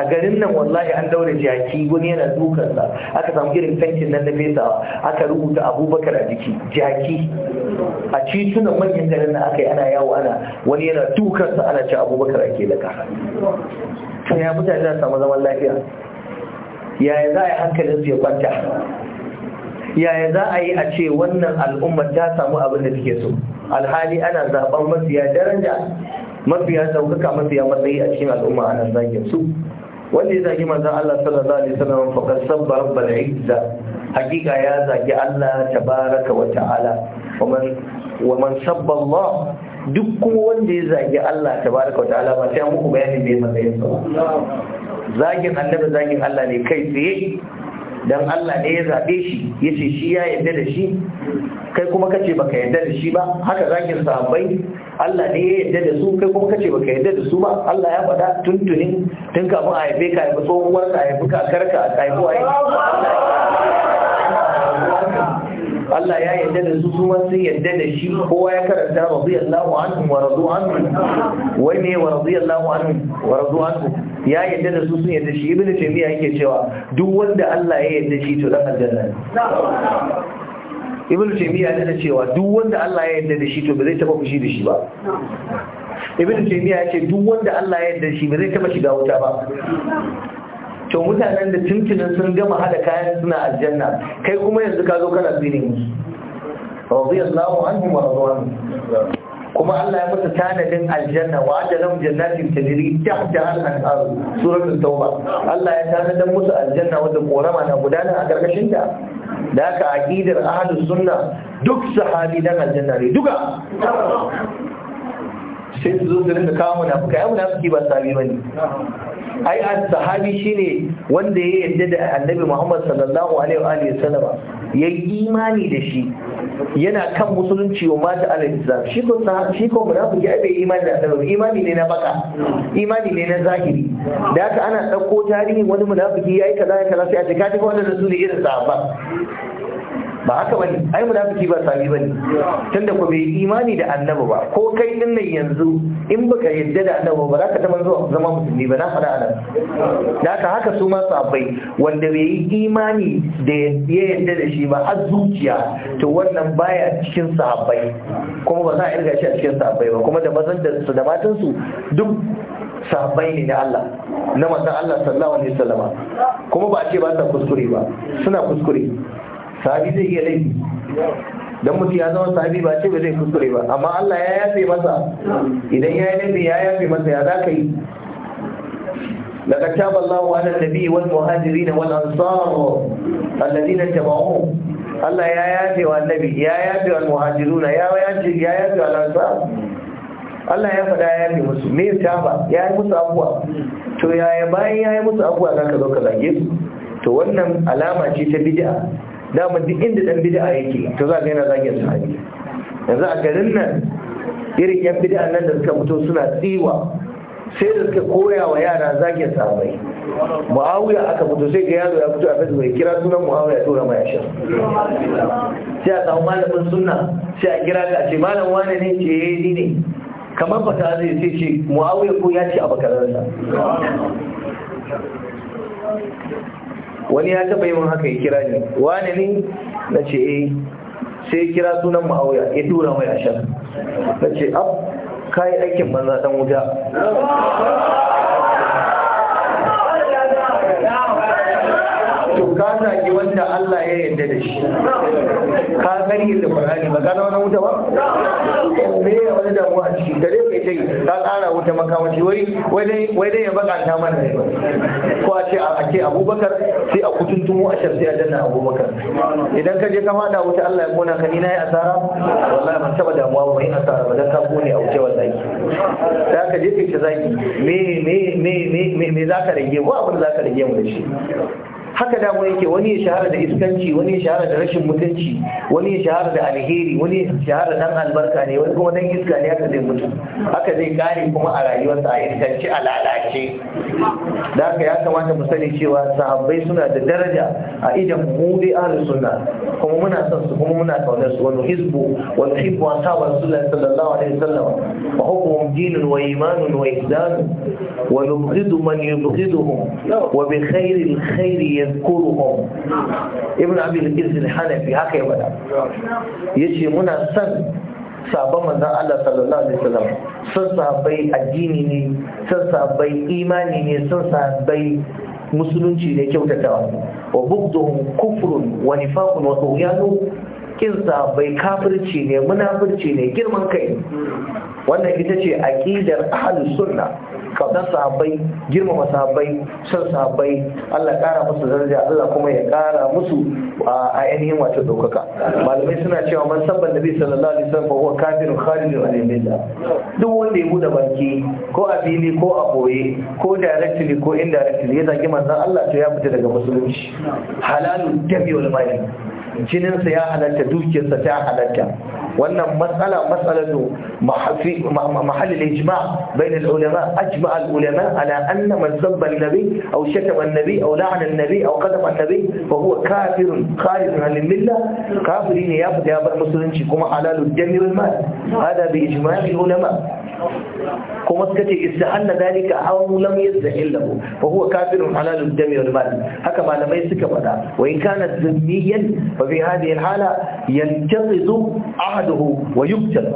a garin nan wallahi an daura jaki wani yana dukansa aka samu irin fentin nan na fesawa aka rubuta abubakar a jiki jaki a titunan manyan garin nan aka yi ana yawo ana wani yana dukansa ana ci abubakar ake laka ta ya mutane za samu zaman lafiya yaya za a yi hankalin su ya kwanta yaya za a yi a ce wannan al'ummar ta samu abin da take so alhali ana zaben mafiya daraja mafiya daukaka mafiya matsayi a cikin al'umma ana zagin su wanda ya zagi manzon Allah sallallahu alaihi wasallam faqad sabba rabbal izza hakika ya zagi Allah tabaraka wa ta'ala wa man sabba Allah duk kuma wanda ya zagi Allah tabaraka wa ta'ala ba sai muku bayanin da ya matsayin sa zagin annabi zagin Allah ne kai tsaye dan Allah ne ya zaɓe shi ya ce shi ya yadda da shi kai kuma kace baka yadda da shi ba haka zaki sahabbai Allah ne ya yadda da su kai kuma kace baka yadda da su ba Allah ya faɗa tuntunin tun kafin a haife ka haifi tsohuwar ka haifi kakar ka a haifi waye Allah ya yadda da su kuma sun yadda da shi kowa ya karanta radiyallahu anhu wa radu anhu wai ne wa radiyallahu anhu wa radu anhu ya yadda da su sun yadda shi da taymiya yake cewa duk wanda Allah ya yadda shi to dan aljanna ne ibnu taymiya yana cewa duk wanda Allah ya yadda da shi to ba zai taba fushi da shi ba ibnu taymiya yace duk wanda Allah ya yarda shi ba zai taba shiga wuta ba to mutanen da tuntunan sun gama hada kayan suna aljanna kai kuma yanzu ka zo kana tsinin radiyallahu anhum wa radwan kuma Allah ya mutu tanadin aljanna wa ajalan jannatin tajri tahta al-anhar suratul tauba Allah ya tanadin musu aljanna wanda korama na gudana a karkashin ta da haka aqidar ahlus sunna duk sahabi dan aljanna ne duka sai su zo su rinka kawo munafika ai munafiki ba sahabi bane ai as-sahabi shine wanda ya yarda da annabi Muhammad sallallahu alaihi wa alihi wasallam ya yi imani da shi yana kan musulunci wa mata islam shi ko shi ko munafiki ai bai imani da annabi imani ne na baka imani ne na zahiri da haka ana dauko tarihin wani munafiki yayi kaza kaza sai a ce ka tafi wannan rasuli irin sahaba ba haka ne ai munafiki ba sami bane tunda ko bai imani da annabi ba ko kai din nan yanzu in baka yadda da annabi ba za ka zama zuwa zama musulmi ba na a nan. da haka haka su ma sabai wanda bai yi imani da ya yadda da shi ba har zuciya to wannan baya cikin sabai kuma ba za a irga shi a cikin sabai ba kuma da mazan da su da matan su duk sahabbai ne na Allah na manzon Allah sallallahu alaihi wasallama kuma ba a ce ba sa kuskure ba suna kuskure sahabi zai iya laifi Don mutum ya zama sahabi ba ce ba zai kuskure ba amma Allah ya yafe masa idan ya yi laifi ya yafe masa ya za ka yi لقد تاب الله على النبي والمهاجرين والأنصار الذين اتبعوهم الله يا يافي والنبي يا يافي والمهاجرون يا يافي يا يافي والأنصار Allah ya faɗa ya yi musu me ta ba ya yi musu abuwa to yaya bayan ya yi musu abuwa za ka zo ka zage su to wannan alama ce ta bid'a damar duk inda dan bid'a yake to za ka yana zagin sahabi yanzu a garin nan irin yan bid'a nan da suka mutu suna tsiwa sai da suka koya wa yara zagin sahabai muawiya aka mutu sai ga yaro ya fito a facebook ya kira sunan muawiya tura ya ashir sai a samu malamin sunna sai a kira ka ce malam wane ne ce eh, ya yi ne kamar ba ta zai sai ce muawiya ko ya ce a bakararsa wani ya taɓa yi min haka ya kira ni wani ne na ce eh sai kira sunan ma'auya ya dura mai a na ce ab kayi aikin banza ɗan wuta ka zagi wanda Allah ya yarda da shi ka gani da Qur'ani ba gano wani wuta ba me ya wani damuwa a ciki gare kai tai ka tsara wuta makamashi wai wai dai ya ta mana ne ko a ce a ke Abubakar sai a kutuntumo a shafi a danna Abubakar idan ka je ka fada wuta Allah ya kona ka ni na yi asara wallahi ban taba damuwa ba mai asara ba dan ka kone a wuce wallahi da ka je kai ta zagi me me me me me za ka rage ba abin za ka rage mu da shi haka dama yake wani ya shahara da iskanci wani ya shahara da rashin mutunci wani ya shahara da alheri wani ya shahara dan albarka ne wani kuma dan iska ne haka zai mutu haka zai kare kuma a rayuwarsa a iskanci a lalace da haka ya kamata mu sani cewa sahabbai suna da daraja a idan mu dai ahlus sunna kuma muna son su kuma muna kaunar su wani hizbu wani hibbu ashabar sunan sallallahu alaihi wasallam wa hukumum dinun wa imanun wa ihsanun wa nubghidu man yubghiduhum wa bi khairil khairi yazkuruhum ibn abi al-izz al-hanafi haka ya faɗa yace muna san sabon manzon Allah sallallahu alaihi wasallam san sabai addini ne san sabai imani ne san sabai musulunci ne kyautatawa wa kufurun kufrun wa nifaqun wa tughyanu kinsa bai kafirci ne munafirci ne girman kai wannan ita ce aqidar ahlus sunna Kaɗan sahabbai girmama sahabbai son sahabbai Allah ƙara musu daraja Allah kuma ya ƙara musu a ainihin wato ɗaukaka malamai suna cewa man sabban nabi sallallahu alaihi wasallam huwa kafirun kharijun an millah duk wanda ya bude baki ko a fili ko a boye ko directly ko indirectly ya zagi manzon Allah to ya fita daga musulunci halalu dabi mali jininsa ya halatta dukiyarsa ta halatta wannan matsala matsalatu mahallin ijma bain al-ulama ajma al-ulama ala anna man sabba an-nabi aw shatama an-nabi aw la'ana nabi aw qadama an-nabi fa huwa kafirun kharijun an al-milla kafiri ne ya fita ya bar musulunci kuma halalul jamirul mal hada bi ijma'i ulama kuma suka ce istahalla dalika aw lam yastahillahu fa huwa kafirun halalul jamirul mal haka malamai suka faɗa wa in kana dhimmiyan fa وفي هذه الحالة ينتقض عهده ويقتل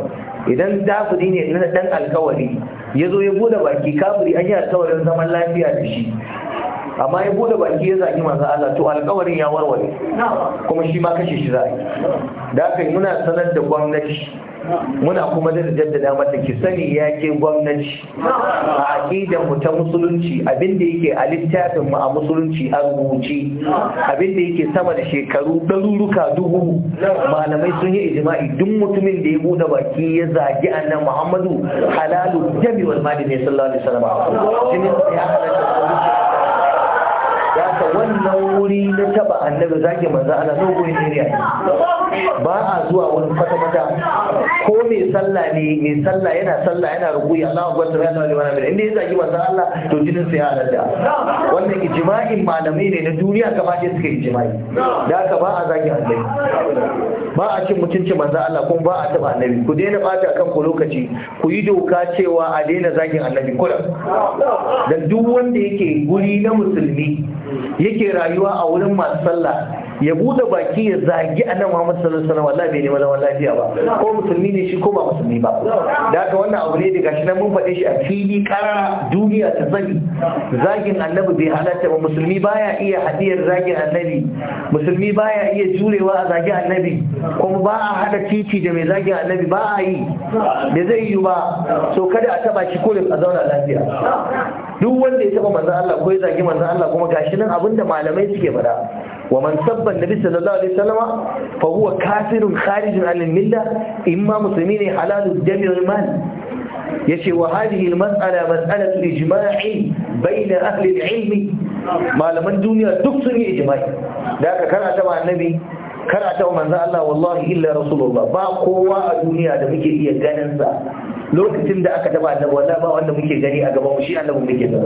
idan dafiri ne na dan alkawari ya zo ya bude baki kafiri an yi alkawarin zaman lafiya da shi amma ya bude baki ya zagi masu Allah to alƙawarin ya warware kuma shi ma kashe shi za yi da muna sanar da gwamnati muna kuma da jaddada mata ki sani ya ke gwamnati a aƙidar mu ta musulunci abinda yake a littafin mu a musulunci a rubuce abinda yake sama da shekaru ɗaruruka dubu malamai sun yi ijima'i duk mutumin da ya bude baki ya zagi annan muhammadu halalu jami'ul madini sallallahu alaihi wasallam ne ya halatta haka wannan wuri na taba annabi zaki manzo Allah no ne riya ba a zuwa wani kwata kwata ko mai sallah ne mai sallah yana sallah yana rubuyi Allahu akbar ya Allah liman amin inda ya zaki manzo Allah to jinin sai ya da. wannan ijma'in malamai ne na duniya gaba ɗaya suka ijma'i da haka ba a zaki annabi cin mutuncin manzo Allah kuma ba a taba annabi ku daina bata kan ku lokaci ku yi doka cewa a daina zagin annabi kula dan duk wanda yake guri na musulmi yake rayuwa a wurin masu sallah ya bude baki ya zagi annabi Muhammad sallallahu alaihi wasallam wallahi bai nemi zaman lafiya ba ko musulmi ne shi ko ba musulmi ba da haka wannan abu ne da gashi nan mun faɗe shi a fili ƙara duniya ta sani zagin annabi bai halatta ba musulmi baya iya hadiyar zagin annabi musulmi baya iya jurewa a zagin annabi kuma ba a hada titi da mai zagin annabi ba a yi da zai yi ba so kada a taba shi kullum a zauna lafiya duk wanda ya taba manzon Allah ko ya zagi manzon Allah kuma gashi nan abinda malamai suke faɗa wa man sabba nabi sallallahu alaihi wasallam fa huwa kafirun kharijun an al-milla imma muslimi ne halalud dami Ya ce yace wa hadhihi al-mas'ala mas'alatu ijma'i bayna ahli al-ilm malaman duniya duk sun yi ijma'i da aka karanta ba annabi karanta wa manzo Allah wallahi illa rasulullah ba kowa a duniya da muke iya sa lokacin da aka taba annabi wallahi ba wanda muke gani a gaban shi annabi muke gani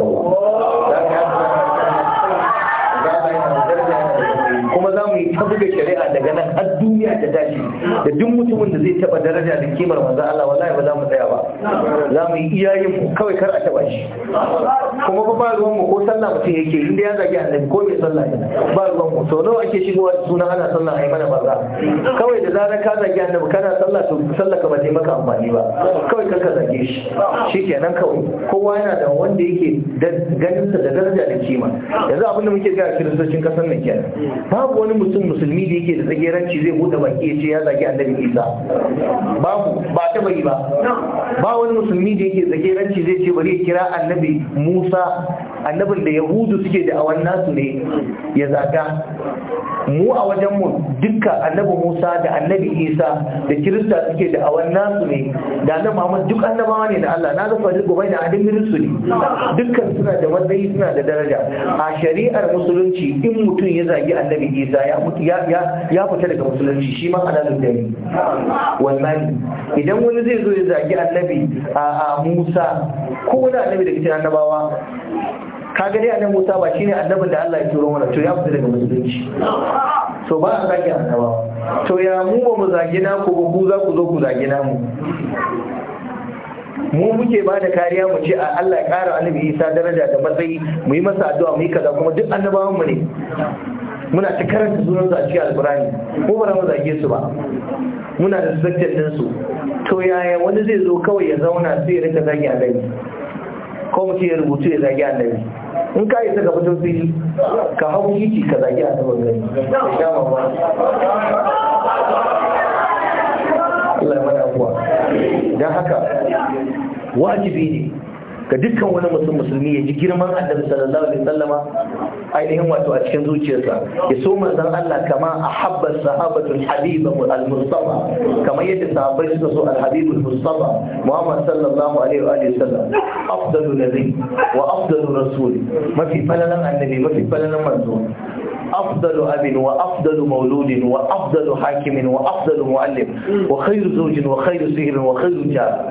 kuma za mu yi ta buga shari'a daga nan har duniya ta tashi da duk mutumin da zai taba daraja da kimar manzo Allah wallahi ba za mu tsaya ba za mu yi iyayen mu kawai kar a taba shi kuma ba ba ruwan mu ko sallah mutum yake inda ya zage annabi ko bai sallah ne ba ruwan mu to nawa ake shigowa da sunan ana sallah ai mana banza kawai da zarar ka zagi annabi kana sallah to sallah ka ba ta maka amfani ba kawai kar ka zage shi shikenan kawai kowa yana da wanda yake ganin sa da daraja da kima yanzu abin da muke ga kiristocin kasan nan kenan babu babu wani mutum musulmi da yake da tsageranci zai bude baki ya ce ya zagi annabi isa babu ba ta bari ba ba wani musulmi da yake tsageranci zai ce bari ya kira annabi musa annabin da yahudu suke da awan nasu ne ya zaga mu a wajenmu dukka annabi musa da annabi isa da kirista suke da awan nasu ne da annabi muhammad duk annabawa ne da allah na ga fadil gobe da adin su ne dukkan suna da matsayi suna da daraja a shari'ar musulunci in mutum ya zagi annabi isa Isa ya mutu ya fita daga musulunci shi ma ana da ni wallahi idan wani zai zo ya zagi annabi a Musa ko wani annabi da cikin annabawa kaga dai annabi Musa ba shine annabin da Allah ya turo mana to ya fita daga musulunci so ba a zagi annabawa to ya mu ba mu zagi na ku ku za ku zo ku zagi na mu mu muke ba da kariya mu ce a Allah ya kara annabi Isa daraja da matsayi mu yi masa addu'a mu yi kaza kuma duk annabawan mu ne muna ta karanta sunan su a cikin alkurani ko ba mu zage su ba muna da subject din su to yaya wani zai zo kawai ya zauna sai ya rika zage annabi ko mutum ya rubutu ya zage annabi in ka yi saka mutum fili ka hau titi ka zage annabi gani ka sha ba. Allah ya mana abuwa don haka wajibi ne ga dukkan wani mutum musulmi ya ji girman annabi sallallahu alaihi wasallama ainihin wato a cikin zuciyarsa ya so manzon Allah kama ahabba sahabatul habiba al mustafa kama yadda sahabbai suka so al habib al mustafa muhammad sallallahu alaihi wa alihi wasallam afdalu nabi wa afdalu rasul mafi falalan annabi mafi falalan manzo أفضل أب وأفضل مولود وأفضل حاكم وأفضل معلم وخير زوج وخير سهر وخير جار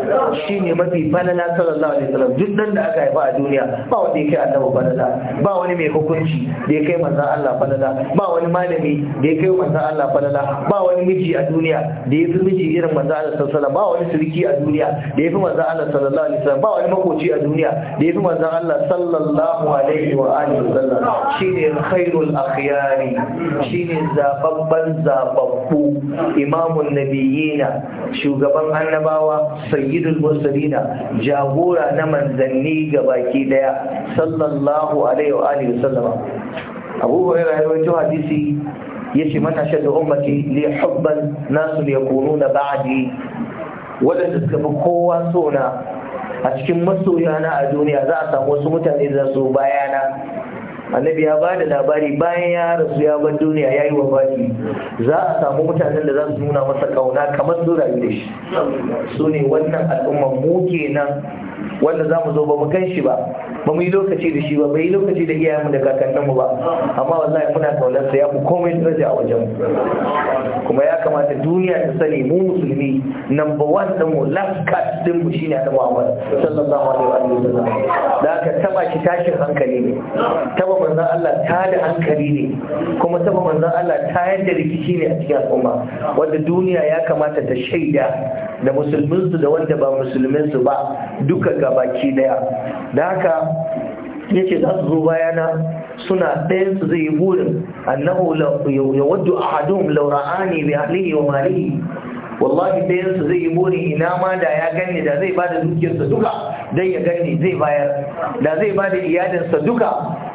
شيني مفي فلنا صلى الله عليه وسلم جدا da aka haifa a duniya ba wanda wani mai hukunci da ya kai manzon Allah falala ba wani malami da ya kai manzon Allah falala ba wani miji a duniya da ya fi miji irin Allah sallallahu ba wani sirki a duniya da ya fi manzon Allah sallallahu alaihi wasallam ba wani makoci a duniya da ya fi Allah sallallahu alaihi wa khairul akhyar gane shi ne zababban zababbu imamun nabiyina shugaban annabawa sayyidul musulina jagora na manzanni baki daya sallallahu alaihi wa alihi sallama abubuwa ya rayuwar jiwa hadisi ya ce mana shaɗa umarci ne hubban nasu ne kuru na ba'adi waɗanda suka fi kowa sona a cikin masoya na a duniya za a samu wasu mutane da su bayana annabi ya ba da labari bayan ya rasu ya ban duniya ya yi wa baki za a samu mutanen da za su nuna masa kauna kamar su rayu da shi su ne wannan al'umma muke kenan wanda za mu zo ba mu kai shi ba ba mu yi lokaci da shi ba bai yi lokaci da iyayenmu da kakanninmu ba amma wallahi muna sa ya fi komai daraja a wajen mu kuma ya kamata duniya ta sani mu musulmi number one ɗinmu last card din shi ne annabi Muhammad sallallahu alaihi wa sallam da ka taba shi tashin hankali ne taba manzon Allah ta da hankali ne kuma taba manzon Allah ta yadda rikici ne a cikin al'umma wanda duniya ya kamata ta shaida da musulminsu da wanda ba musulminsu ba duka gabaki daya da haka yace za su zo bayana suna ɗayan su zai yi burin annabu ya waddu ahadum law ra'ani bi ahlihi wa malihi wallahi ɗayan su zai yi burin ina ma da ya gani da zai bada dukiyarsa duka dan ya gani zai bayar da zai bada iyalinsa duka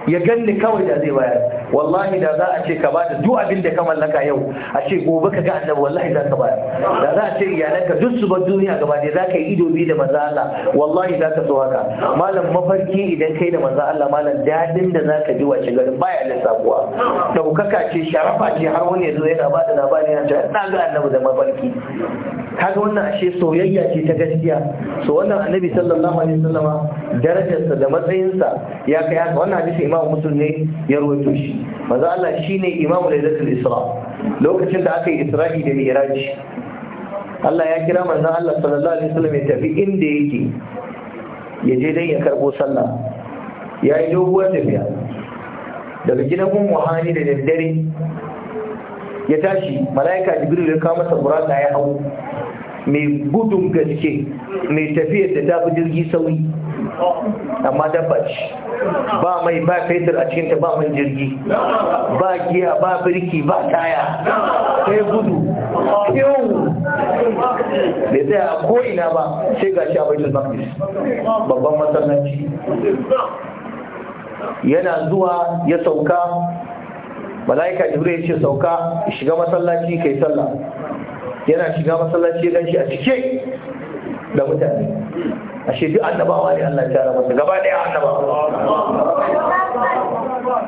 ya ganni kawai da zai bayar wallahi da za a ce ka bada duk abin da ka mallaka yau a ce gobe ka ga annabi wallahi za ka bayar da za a ce iyalanka duk su bar duniya gaba da za ka yi ido biyu da manzo Allah wallahi za ka so haka malam mafarki idan kai da manzo Allah malam dadin da za ka ji wace garin baya sabuwa, ɗaukaka ce sharafa ce har wani yazo yana ba da labari yana cewa na ga annabi da mafarki kaga wannan ashe soyayya ce ta gaskiya so wannan annabi sallallahu alaihi wasallama darajarsa da matsayinsa ya kai wannan hadisi imam imam muslim ne ya rawaito shi manzo Allah shine imamu lailatul isra lokacin da aka yi isra'i da mi'raj Allah ya kira manzon Allah sallallahu alaihi wasallam ya tafi inda yake ya je dan ya karbo sallah ya yi doguwar tafiya daga gidan ummu hani da daddare ya tashi malaika jibril ya kawo masa buraka ya hau mai gudun gaske mai tafiyar da tafi jirgi sauyi amma dabba ce ba mai ba fetur a cikinta ba mai jirgi ba giya ba birki ba taya sai gudu yau bai tsaya a ko'ina ba sai ga shi a baitul maqdis babban masallaci yana zuwa ya sauka malaika jure ya ce sauka shiga masallaci kai sallah yana shiga masallaci ya ganshi a cike da mutane ashe duk annabawa ne Allah ya masa gaba ɗaya annabawa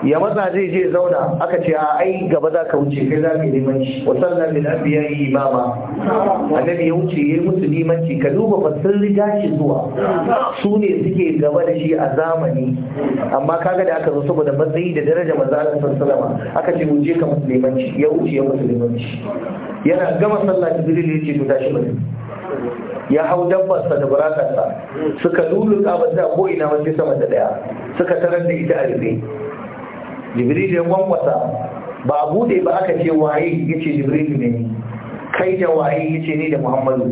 ya maza zai je zauna aka ce a ai gaba za ka wuce kai za ka yi limanci wa sallan lil anbiya imama annabi ya wuce yi musu limanci ka duba ba sun riga shi zuwa su ne suke gaba da shi a zamani amma kaga da aka zo saboda matsayi da daraja manzo Allah sallallahu aka ce wuce ka musu limanci ya wuce ya musu limanci yana gama sallah jibril ya ce to tashi mutum ya hau dabbarsa da burakarsa suka lulu kabata ko ina wace sama da daya suka tarar da ita a rufe jibril ya kwankwasa ba a bude ba aka ce waye ya ce jibril ne kai da waye ya ce ni da muhammadu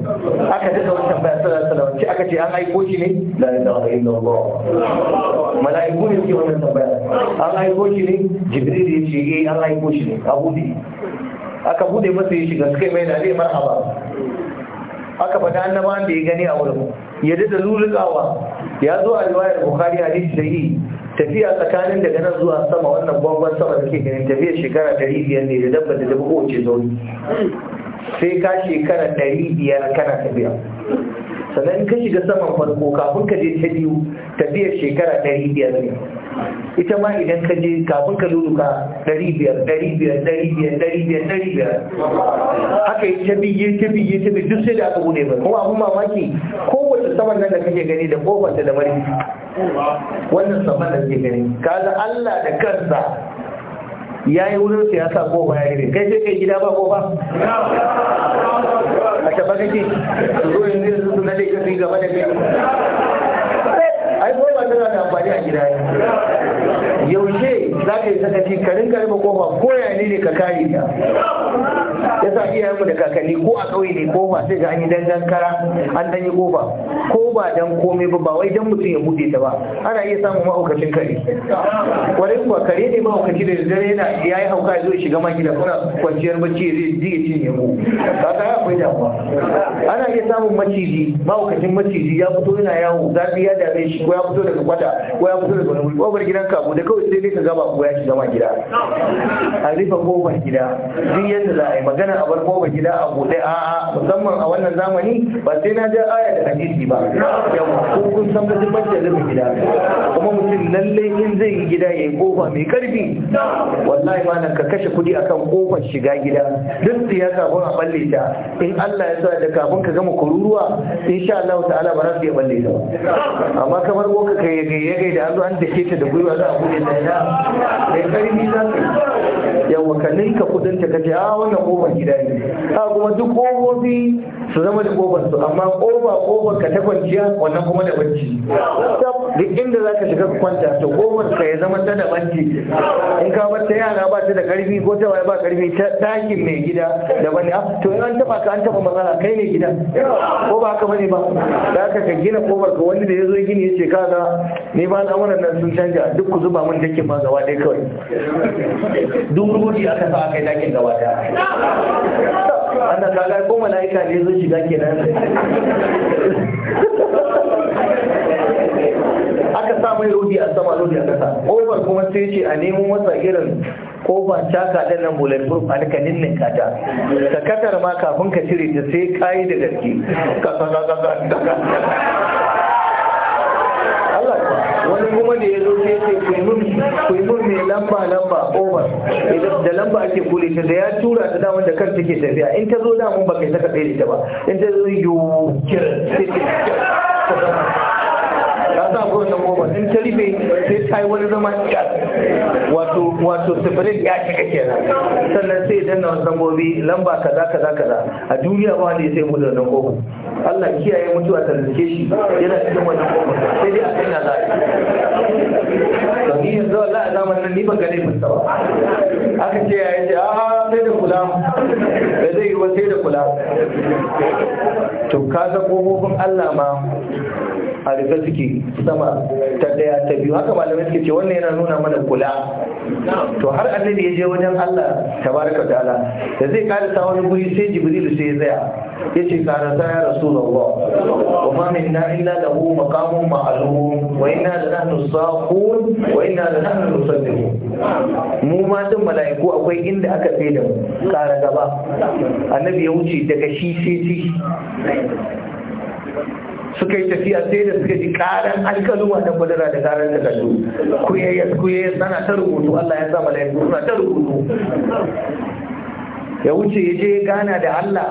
aka daga wata bayan sallar sallar ce aka ce an aiko shi ne la ilaha illallah mala'iku ne suke wannan tambaya an aiko shi ne jibril ya ce eh an aiko shi ne a bude aka bude masa ya shiga suka mai na zai marhaba aka fada annaba da ya gani a wurin ya da lulukawa ya zo a riwayar bukhari hadisi sahihi tafiya tsakanin daga nan zuwa sama wannan gwangwan sama da ke ganin tafiyar shekara ɗari ne da dabba da dabba kowace zaune sai ka shekara ɗari biyar kana tafiya sannan ka shiga saman farko kafin ka je ta biyu tafiyar shekara ɗari biyar ne ita ma idan ka je kafin ka luluka ɗari biyar ɗari biyar ɗari biyar ɗari biyar ɗari biyar haka yi ta biyu ta biyu ta biyu duk sai da aka bude ba kuma abun mamaki kowace saman nan da kake gani da kofar da mariki wannan saman da kake gani kaza Allah da kansa ya yi wurin siyasa ko sa ya rufe kai sai kai gida ba kofa a taba kake su zo yanzu su na dai ka gaba da kai ai kofa tana da amfani a gida ya yaushe za ka yi sakaci ka rinka rufe kofa ko ne ne ka kare ta ya sa iyayenmu da kakanni ko a ƙauye ne kofa sai ga an yi dangan kara an dan yi kofa ko ba dan komai ba ba wai dan mutum ya bude ta ba ana iya samun ma'aukacin kare wani kuwa kare ne ma'aukaci da dare yana ya yi hauka ya zo shiga maki da kuna kwanciyar bacci ya zai ji ya cinye mu ba ta akwai damuwa ana iya samun maciji ma'aukacin maciji ya fito yana yawo zafi ya dame shi ko ya fito daga kwata ko ya fito daga wani wuri ko bar gidan kago da kawai kawai sai dai ka gaba ko ya shiga ma gida a rufe kofar gida duk yadda za a yi magana a bar kofar gida a buɗe a'a musamman a wannan zamani ba sai na ja aya da hadisi ba yawa ko kun san ba duk bacci rufe gida kuma mutum lalle in zai yi gida ya yi kofa mai karfi wallahi ma ka kashe kuɗi akan kofar shiga gida duk siyasa kafin a balle ta in Allah ya sa da kafin ka gama kururuwa insha Allah ta'ala ba za su iya balle ta ba amma kamar boka kai ya gai da an zo an dake ta da gwiwa za a buɗe mai karfi za ka yawa ka kudin ta kace a ah, wannan kofar gida ne a kuma duk kofofi su zama da kofar su amma kofa kofar ka ta kwanciya wannan kuma da banci duk inda za ka shiga ka kwanta to kofar ka ya zama ta da banci in ka bar ta yara ba ta da karfi ko ta waye ba karfi ta dakin mai gida da bani ah, to in an taba ka an taba matsala kai ne gida ko ba ka bane ba za ka ka gina kofar ka wanda da ya zo gini ya ce kaga ni ba al'amuran nan sun canja duk ku zuba min dakin ba gaba ɗaya kawai duk rubuci aka sa a kai dakin gaba ɗaya wannan kaga ko mala'ika ne zai shiga kenan aka sa mai rudi a sama rudi a kasa kofar kuma sai ce a nemo masa irin kofa caka ɗan nan bulletproof a nika ninnin kata ka katar ma kafin ka cire ta sai kayi da gaske wani kuma da ya zo sai ce kuimun mai lamba lamba over da lamba ake kule ta da ya tura ta damar da kan take tafiya in ta zo damun ba kai saka tsere da ba in ta zo yo kiran sai sa ko wannan goba in ta rufe sai ta yi wani zama wato wato sifirin ya shiga kenan sannan sai danna wasu gobe lamba kaza kaza kaza a duniya ba ne sai mu da wannan goba Allah kiyaye mutu a tarzike shi yana cikin wannan goba sai dai a kai na za a yi yanzu Allah a zamanin ni ban ga laifin aka ce ya ce a sai da kula da zai yi wa sai da kula to ka ga gobobin Allah ma a rufe suke sama ta daya ta biyu haka malamai suke ce wannan yana nuna mana kula to har annabi ya je wajen Allah tabaraka ta'ala da zai karasa wani guri sai jibril sai ya tsaya ya ce karasa ya rasulullah wa ma minna illa lahu maqamun ma'lum wa inna la nahnu saqun wa inna la nahnu nusaddiqun mu ma din mala'iku akwai inda aka tsaye da kara gaba annabi ya wuce daga shi sai suka yi tafiya sai da suka ji karan alkaluwa da madara da karan da kallo ku yi sana ta rubutu Allah ya sa malaiku suna ta rubutu ya wuce ya je gana da Allah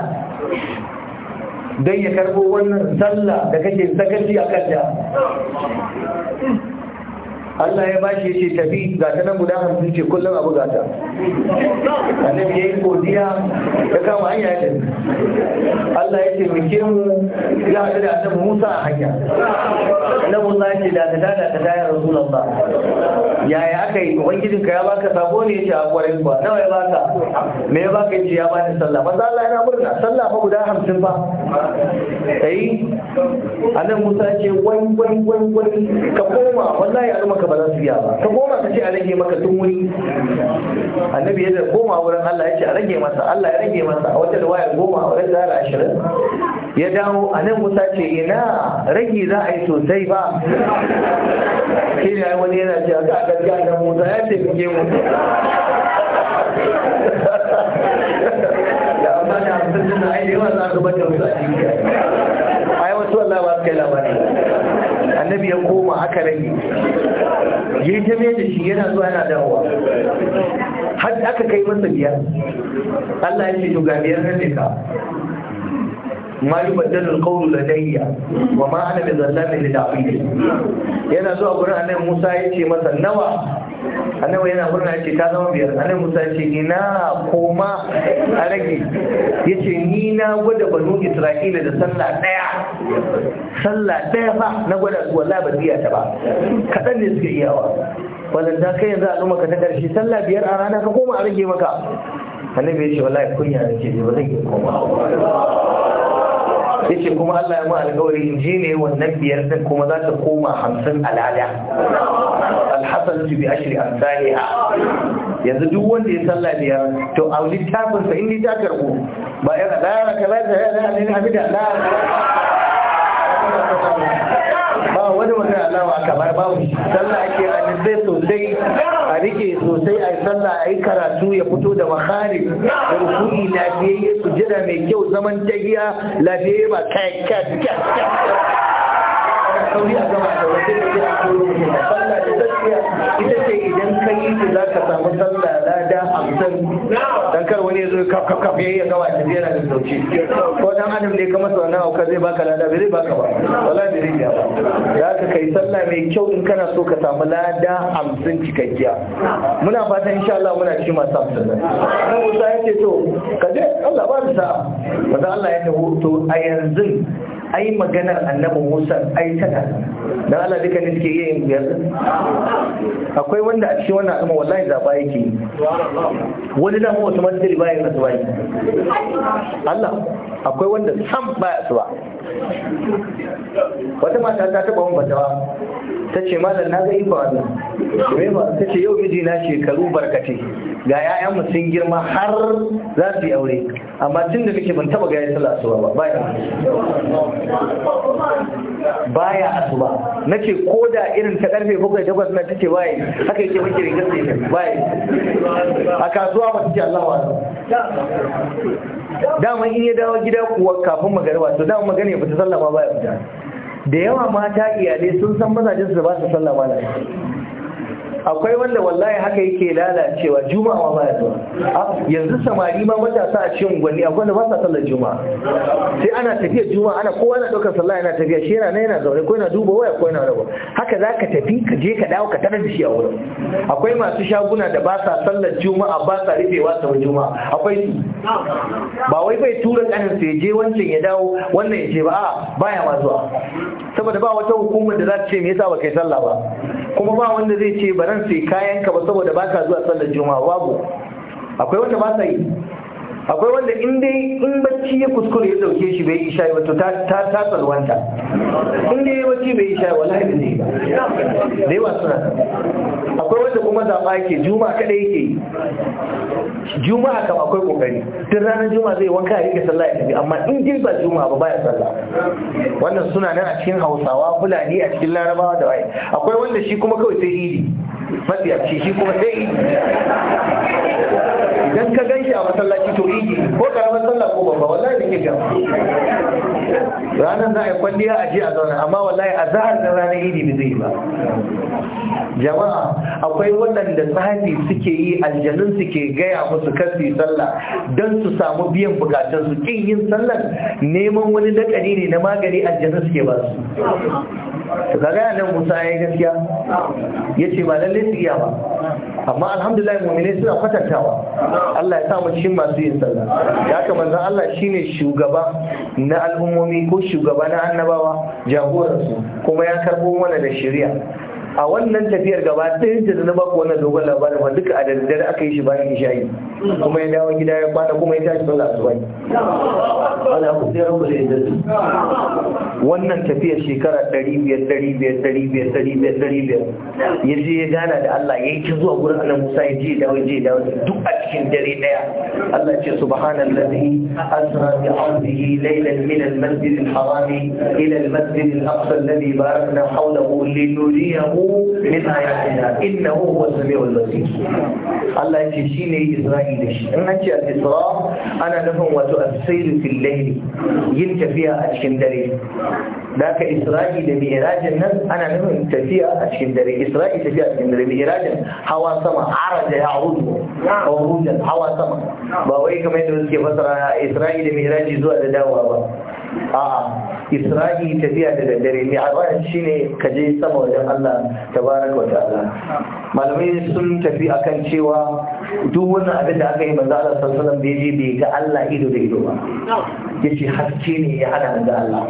don ya karbo wannan sallah da kake sakaci a kanta Allah ya bashi ya ce tafi ga ta nan guda hamsin ce kullum abu ga ta annabi ya yi godiya ya kama hanya ya tafi Allah ya ce mu ya haɗu da annabi Musa a hanya Na Musa ya ce da ta da ta da ya ba. yaya aka yi ubangijin ka ya baka sabo ne ya ce a kwarai ba nawa ya baka me ya baka ya ce ya bani sallah maza Allah yana murna sallah ma guda hamsin ba Eh, ai nan musa ce wai wai wai wai ka koma wallahi al'umma ka ba za su iya ba ka koma ka ce a rage maka tun wuri annabi ya koma wurin Allah ya ce a rage masa Allah ya rage masa a wata riwaya goma a wata zara ashirin ya dawo nan musa ce ina rage za a yi sosai ba shi ne wani yana ce a ga gaskiya nan musa ya ce mu kasar jin na aida yawa za a gabatar musu a cikin ai wasu Allah ba su kai labari annabi ya koma aka rage ya yi ta da shi yana zuwa yana dawowa har aka kai masa biyar Allah ya ce to ga biyar nan ne ka ma yi baddalin kawo ladayya wa ma ana da zallamin da dafi yana zuwa gurin annabi Musa ya ce masa nawa annabi yana murna ce ta zama biyar annabi Musa ce ina koma a rage yace ni na gwada banu Isra'ila da sallah daya sallah daya fa na gwada wallahi ba ziya ta ba kadan ne suka iyawa wannan da kai yanzu al'umma ka ta karshe sallah biyar a rana ka koma a rage maka annabi yace wallahi kunya nake ji ba zan iya koma yace kuma Allah ya mu alƙawari in je ne wannan biyar din kuma za ta koma hamsin al'ada alhasan bi ashri amsaliha yanzu duk wanda ya salla biyar to a littafin sa in ta karbu ba ya da ya ka yana ya da yana ne abida da ba wani magana Allah aka ba babu salla ake a sosai a rike sosai a yi sallah a yi karatu ya fito da makari da rukuni lafiyayye su jira mai kyau zaman jagiya lafiyayye ba kai kai kai sauri a gama da wata da jira ko sallah da tafiya ita ce idan ka yi su za ka samu sallah sani dan kar wani ya zo kaf kaf kaf yayi ga wata yana da sauki ko dan adam ne ka masa nan auka zai baka lada bai baka ba wallahi bai riya ba ya ka kai sallah mai kyau in kana so ka samu lada 50 cikakkiya muna fatan insha Allah muna ci masu amsalla dan Musa yace to kaje Allah ba da sa'a wanda Allah ya tawo to a yanzu ai maganar annabi Musa ai da dan Allah duka ne suke yin biyar akwai wanda a cikin wannan al'umma wallahi zaba yake wani da mu wata madalli bayan rasuwa Allah akwai wanda sam ba ya suwa wata mata ta taba wani batawa ta ce malam na ga ifa wannan me ta ce yau miji na shekaru barkati ga ya'yan mu sun girma har za su yi aure amma tun da kake ban taba ga ya sallah asuba ba baya baya asuba nace ko da irin ta karfe 7 takwas na tace waye haka yake muke rigar sai waye a kasuwa ba tace Allahu akbar dama in ya dawo gida kuwa kafin magana wato dama magana ya fita sallama ba baya fita da yawa mata iyalai sun san mazajen su ba su sallama ma akwai wanda wallahi haka yake lalacewa juma'a ba ya zuwa ah, yanzu samari ma matasa a cikin gwani akwai wanda ba sa sallar juma'a sai ana tafiya juma'a ana kowa na ɗaukar sallah yana tafiya shi yana yana zaune ko yana duba waya ko yana raba haka za ka tafi ka je ka dawo ka tarar da shi a wurin akwai masu shaguna da ba sa sallar juma'a ba sa rufewa sau juma'a akwai ba wai bai tura ƙanin sai je wancan ya dawo wannan ya ce ba a baya ma zuwa saboda ba wata hukumar da za ta ce me yasa ba kai sallah ba kuma ba wanda zai ce baran sai kayan ka ba saboda ba ka zuwa sallar juma'a babu akwai wata ba sa yi akwai wanda in dai in bacci ya kuskure ya dauke shi bai isha yi wato ta ta salwanta in dai bacci bai isha wallahi da zai da yawa suna akwai wanda kuma zaba yake juma kada yake juma'a kam akwai kokari tun ranar juma zai wanka ya rike sallah ya tafi amma in dai ba juma ba baya sallah wannan suna nan a cikin hausawa fulani a cikin larabawa da waye akwai wanda shi kuma kawai sai idi matsiyaci shi kuma sai idi idan ka gan a masallaci to yi ko karamar sallah ko babba wallahi da ke gama. ranar za a yi kwalliya a ji a zauna amma wallahi a zahar da ranar idi ba zai ba jama'a akwai waɗanda tsafi suke yi aljanun suke gaya musu kasi sallah don su samu biyan bukatun su kin yin sallar neman wani dakari ne na magani aljanun suke ba su kaga nan musa ya yi gaskiya ya ce ba lallai su iya ba amma alhamdulillah mummune suna kwatantawa Allah ya sa mu cikin masu yin sallah ya ka manzon Allah shine shugaba na al'ummomi ko shugaba na annabawa jagoransu kuma ya karbo mana da shari'a a wannan tafiyar gaba ɗayan ta na baku wannan dogon labarin ba duka a daddare aka yi shi bayan isha'i kuma ya dawo gida ya kwana kuma ya tashi sallah asuba ana ku sai rabu da wannan tafiyar shekara ɗari biyar ɗari biyar ya je ya gana da Allah ya yi ta zuwa gurin annabi Musa ya je dawo ya je dawo duk a cikin dare daya Allah ce subhanallahi asra bi 'abdihi laylan min al-masjid al-harami ila al-masjid al-aqsa alladhi barakna hawlahu li nuriyahu min ayatina innahu huwa samiul basir Allah yake shine Isra'i da shi in an ce al-Isra ana nufin wato as-sayr fil layl yin tafiya a cikin dare daka Isra'i da Mi'rajin nan ana nufin tafiya a cikin dare Isra'i tafiya a cikin dare Mi'rajin hawa sama araja ya'udu hawa sama ba wai kamar yadda suke fasara Isra'i da Mi'raji zuwa da dawowa ba a'a isra'i tafiya da daddare shi ne ka je sama wajen Allah tabaraka wata Allah. malamai sun tafi a kan cewa duk wannan abin da aka yi manzo Allah sallallahu alaihi bai ga Allah ido da ido ba yace haske ne ya hada da Allah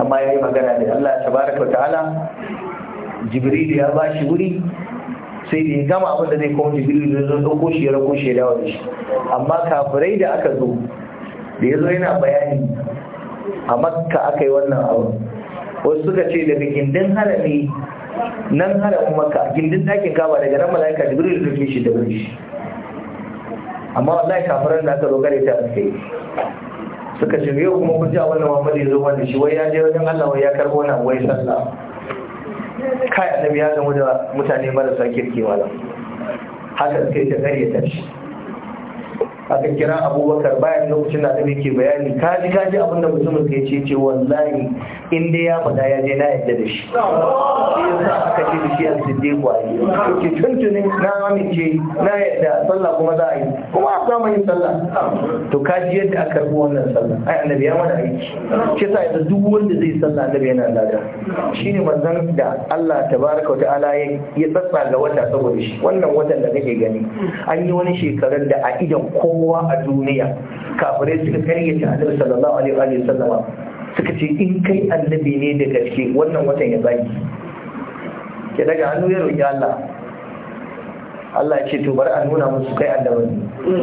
amma yayi magana da Allah tabaraka wata Allah. Jibril ya bashi wuri sai da ya gama abin da zai kuma jibril da zo ɗauko shi ya rago shi ya dawo da shi amma kafirai da aka zo da ya zo yana bayani a makka aka yi wannan abu wasu suka ce daga gindin harami nan haramin makka gindin dakin kama daga nan mala'ika jibril kake shi da wuri amma wallahi kafiran da aka dogare ta suke suka ce yau kuma kun ja wannan da ya zo wanda shi wai ya je wajen Allah wai ya karbo wannan wai sallah kai annabi ya gamu da mutane marasa kirkewa haka suka yi ta kare ta shi aka kira abubakar bayan lokacin da annabi ke bayani kaji kaji abin da mutumin ke ce ce wallahi in dai ya fada ya je na yadda da shi yasa aka ce da shi a siddiqu ali ke tuntunin na amince na yadda sallah kuma za a yi kuma a samu yin sallah to kaji yadda aka karbi wannan sallah ai annabi ya mana aiki ke sa yadda duk wanda zai sallah annabi yana lada shine manzon da Allah tabaraka wa ta'ala ya tsatsa ga wata saboda shi wannan watan da kake gani an yi wani shekarar da a idan kowa kowa a duniya kafirai suka karyata annabi sallallahu alaihi wa sallama suka ce in kai annabi ne da gaske wannan watan ya zaki ke daga hannu ya roƙi Allah Allah ya ce to bari a nuna musu kai annabi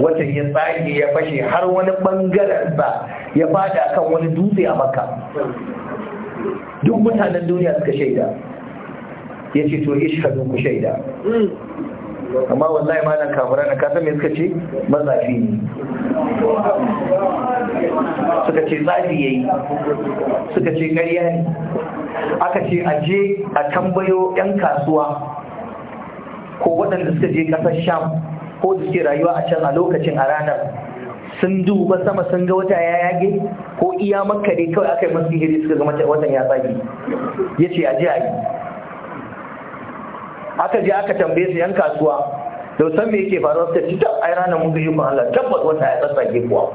watan ya tsage ya fashe har wani bangaren ba ya fada kan wani dutse a makka duk mutanen duniya suka shaida ya ce to ishadu ku shaida hmm. amma wallahi malam kafura na kasar me suka ce mazafi ne suka ce ya yi, suka ce ƙarya ne aka ce a je a tambayo 'yan kasuwa ko waɗanda suka je ƙasar sham ko da suke rayuwa a can a lokacin a ranar sun duba sama sun ga wata ya yage ko iya makka ne kawai aka yi masu hiri suka ga watan ya tsage ya ce a a yi aka je aka tambaye su yan kasuwa da san me yake faruwa suka ci tab ai ranar mun gaji ku Allah tabbas wata ya ke kuwa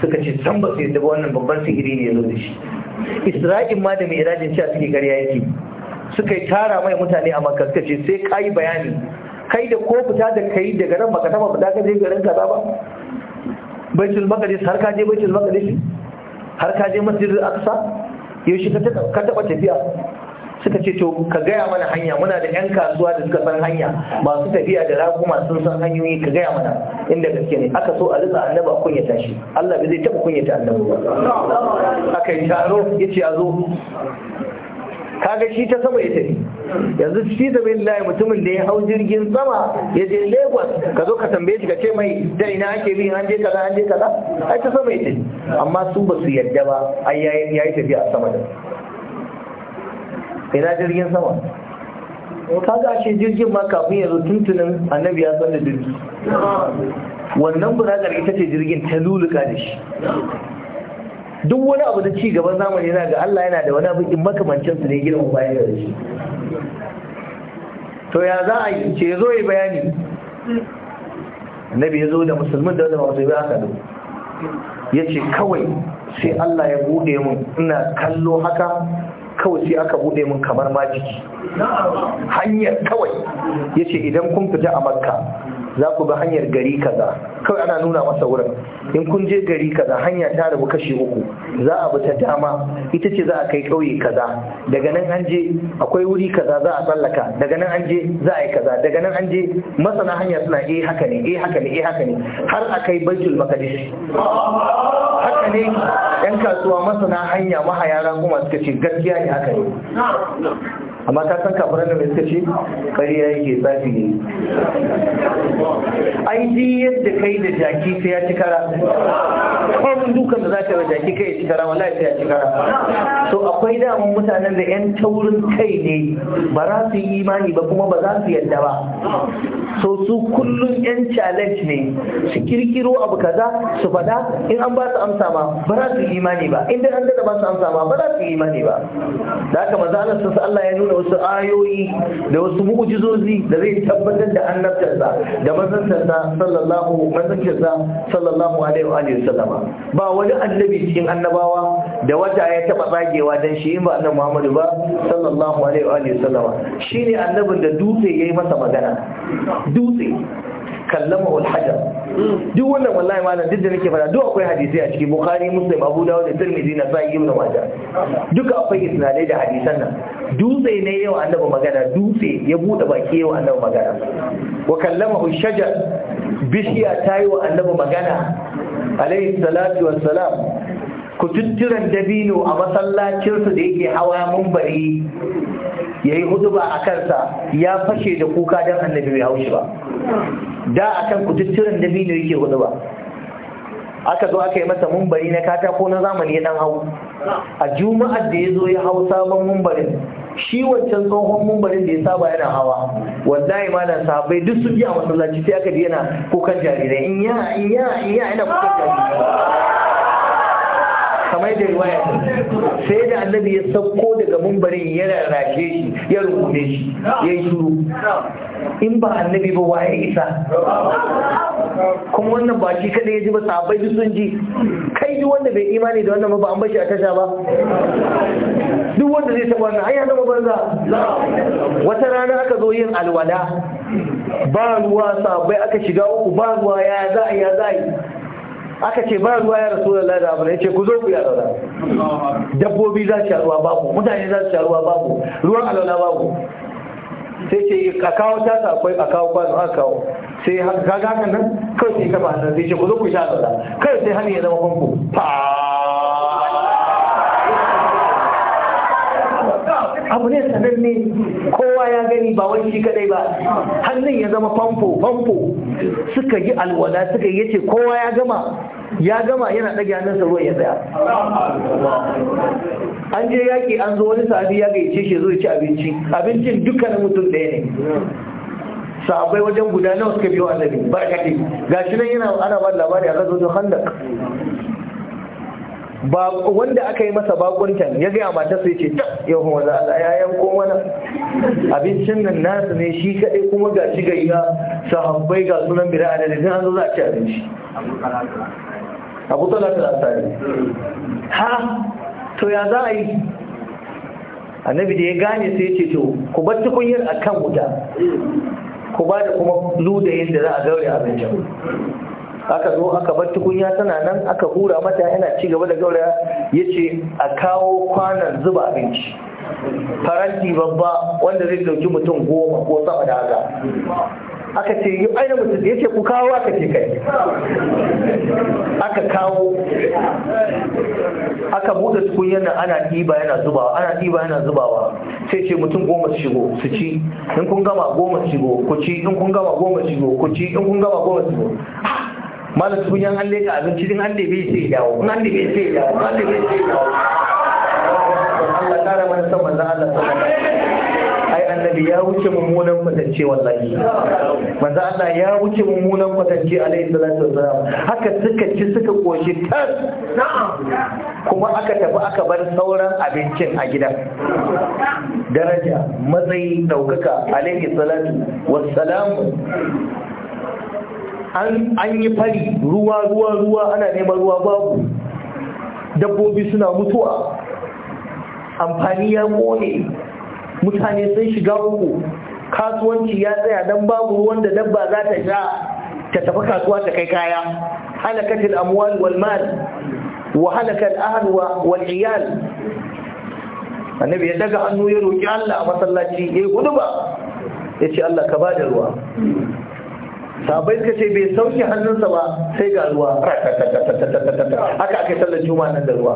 suka ce san ba su yadda wannan babban sihiri ne yazo da shi isra'in ma da mai irajin cewa suke karya yake suka yi tara mai mutane a makka suka ce sai ka yi bayani kai da ko fita da kai daga ran baka ba fita ka je garin kaza ba baitul maqdis har ka je baitul maqdis har ka je masjidil aqsa yaushe ka taba tafiya suka ce to ka gaya mana hanya muna da 'yan kasuwa da suka san hanya masu tafiya da raguma sun san hanyoyi ka gaya mana inda gaske ne aka so a rika annaba kunyata shi Allah bai zai taba kunyata annaba ba aka yi taro ya ce ya zo kaga shi ta sama ya tafi yanzu shi da bin layi mutumin da ya hau jirgin sama ya je lagos ka zo ka tambaye shi ka ce mai da ina ake bi an je kaza an je kaza ai ta sama ya tafi amma su ba su yadda ba ai yayi tafiya a sama da ina jirgin sama ka ga ashe jirgin ma kafin ya zo tuntunin annabi ya sanda da jirgi wannan burakar ita ce jirgin ta luluka da shi duk wani abu da ci gaban zamani yana ga Allah yana da wani abu in makamancin su ne girman bayan da shi to ya za a yi ce zo yi bayani annabi ya zo da musulmin da wanda ba yi aka zo ya ce kawai sai Allah ya bude mun ina kallo haka kawai sai aka bude mun kamar majiki hanyar kawai yace idan kun fita a makka za ku bi hanyar gari kaza kawai ana nuna masa wurin in kun je gari kaza hanya ta rabu kashi uku za a bi ta dama ita ce za a kai ƙauye kaza daga nan an je akwai wuri kaza za a tsallaka daga nan an je za a yi kaza daga nan an je masana hanya suna eh haka ne eh haka ne eh haka ne har a kai baitul maqdis haka ne yan kasuwa masana hanya mahaya kuma suka ce gaskiya ne haka ne amma ta san nan da suka ce ƙarya yake zafi ne ai ji yadda kai da jaki sai ya ci kara kwarin dukan da za ta jaki kai ya ci kara wallahi sai ya ci kara to akwai damun mutanen da yan taurin kai ne ba za su yi imani ba kuma ba za su yadda ba so su kullum yan challenge ne su kirkiro abu kaza su faɗa in an ba su amsa ma ba za su yi imani ba in an daɗa ba su amsa ma ba za su yi imani ba da haka maza Allah Allah ya nuna mana wasu ayoyi da wasu mu'jizozi da zai tabbatar da annabtarsa da mazantarsa sallallahu manzantarsa sallallahu alaihi wa sallama ba wani annabi cikin annabawa da wata ya taba tsagewa dan shi in ba annabi Muhammadu ba sallallahu alaihi wa alihi sallama shine annabin da dutse yayi masa magana dutse kallama wal hajar duk wannan wallahi malam duk da nake fara duk akwai hadisi a ciki bukhari muslim abu dawud da tirmidhi na sa'i ibn majah duka akwai isnadai da hadisan nan dutse ne yau annabi magana dutse ya bude baki yau annabi magana wa kallamahu shajar bishiya tayi wa annabi magana alayhi salatu wassalam Kututturan dabino a masallacinsu da yake hawa mumbari ya yi huduba a kansa ya fashe da kuka don annabi bai haushi ba da a kan kututturen dabino yake huduba aka zo aka yi masa mumbari na katako na zamani ya dan hau a juma'ar da ya zo ya hau sabon mumbarin shi wancan tsohon mumbarin da ya saba yana hawa wallahi malam sabai duk su biya masallaci sai aka yana kukan jarirai in ya in ya in ya yana kukan jarirai kamar da riwaya sai da annabi ya sauko daga mumbarin ya rarrashe shi ya rubuce shi ya yi shuru in ba annabi ba waye isa kuma wannan ba kada ya ji ba sabai duk sun ji kai duk wanda bai imani da wannan ba an bashi a tasha ba duk wanda zai taba wannan ayyana ya zama banza wata rana aka zo yin alwala ba ruwa sabai aka shiga uku ba ruwa ya za a ya za aka ce ba ruwa ya rasu da lada abu ce ku zo ku yara da dabbobi za su sha ruwa babu mutane za su sha ruwa babu ruwan alauna babu sai ce a kawo ta ta akwai a kawo kwano a kawo sai gaga kan nan kawai sai kafa hannun sai ce ku zo ku sha da kawai sai hannun ya zama kwanku abu ne sananne kowa ya gani ba wani shi kadai ba hannun ya zama famfo famfo suka yi alwala suka yi ce kowa ya gama ya gama yana ɗage sa ruwan ya tsaya an je yaƙi an zo wani sabi ya gaice shi zo ya ci abinci abincin dukkanin mutum ɗaya ne sabai wajen guda nawa suka biyo annabi ba kake gashi nan yana ana ba labari a gazo khandak ba wanda aka yi masa bakuntan ya gaya mata sai ce ta yau kuma a ya yanko mana abincin nan nasu ne shi kaɗai kuma ga shi ga iya sahabbai ga sunan bira a dalilin an zo za a ci abinci abu talata da tsari ha to ya za a yi annabi da ya gane sai ce to ku bar tukunyar a kan wuta ku ba da kuma ludayin da za a gaure abincin aka zo aka bar tukunya tana nan aka hura mata yana ci gaba da gauraya ya ce a kawo kwanan zuba abinci faranti babba wanda zai dauki mutum goma ko sama da haka aka ce yi aina mutum ya ce ku kawo aka ce kai aka kawo aka buɗe tukunyar nan ana ɗiba yana zubawa ana ɗiba yana zubawa sai ce mutum goma su shigo su ci in kun gama goma su shigo ku ci in kun gama goma su shigo ku ci in kun gama goma su shigo ah! malam tukunyan an leka abinci din an lebe sai dawo an lebe sai dawo an lebe sai dawo Allah kara mana san manzon Allah sallallahu ai annabi ya wuce mummunan kwatance wallahi manzon Allah ya wuce mummunan kwatance alaihi salatu wasallam haka suka ci suka koshi tas na'am kuma aka tafi aka bar sauran abincin a gidan daraja matsayi daukaka alaihi salatu salamu. an yi fari ruwa ruwa ruwa ana neman ruwa babu dabbobi suna mutuwa amfani ya mone mutane sun shiga uku kasuwanci ya tsaya don babu ruwan da dabba za ta sha ta tafi kasuwa ta kai kaya halakatul amwal wal mal wa halakal ahl wal iyal annabi ya daga hannu ya roki Allah a masallaci yayi eh, guduba ce Allah ka bada ruwa sabai suka ce bai sauke hannunsa ba sai ga ruwa haka aka sallar juma nan da ruwa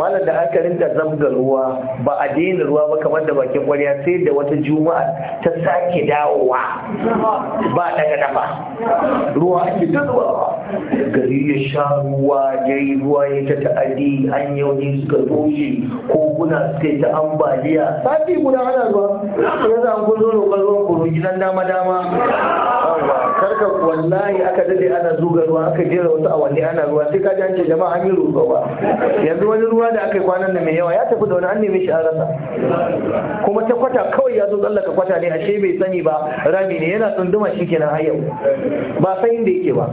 malam da aka rinta zamga ruwa ba a daina ruwa ba kamar da bakin kwariya sai da wata juma'a ta sake dawowa ba daga dafa ruwa ake ta ruwa gari ya sha ruwa ya yi ruwa ya ta ta'adi hanyoyi suka toshe koguna suka yi ta ambaliya sati guda ana ruwa yanzu an kun zo roƙon ruwan kuro gidan dama dama karka wallahi aka dade ana zuga ruwa aka jera wasu awanni ana ruwa sai ka ji an ce jama'a an yi roƙo ba yanzu wani ruwa da aka yi kwanan na mai yawa ya tafi da wani an nemi shi an rasa kuma ta kwata kawai ya zo tsallaka kwata ne ashe bai sani ba rami ne yana tsunduma shi kenan har yau ba san inda yake ba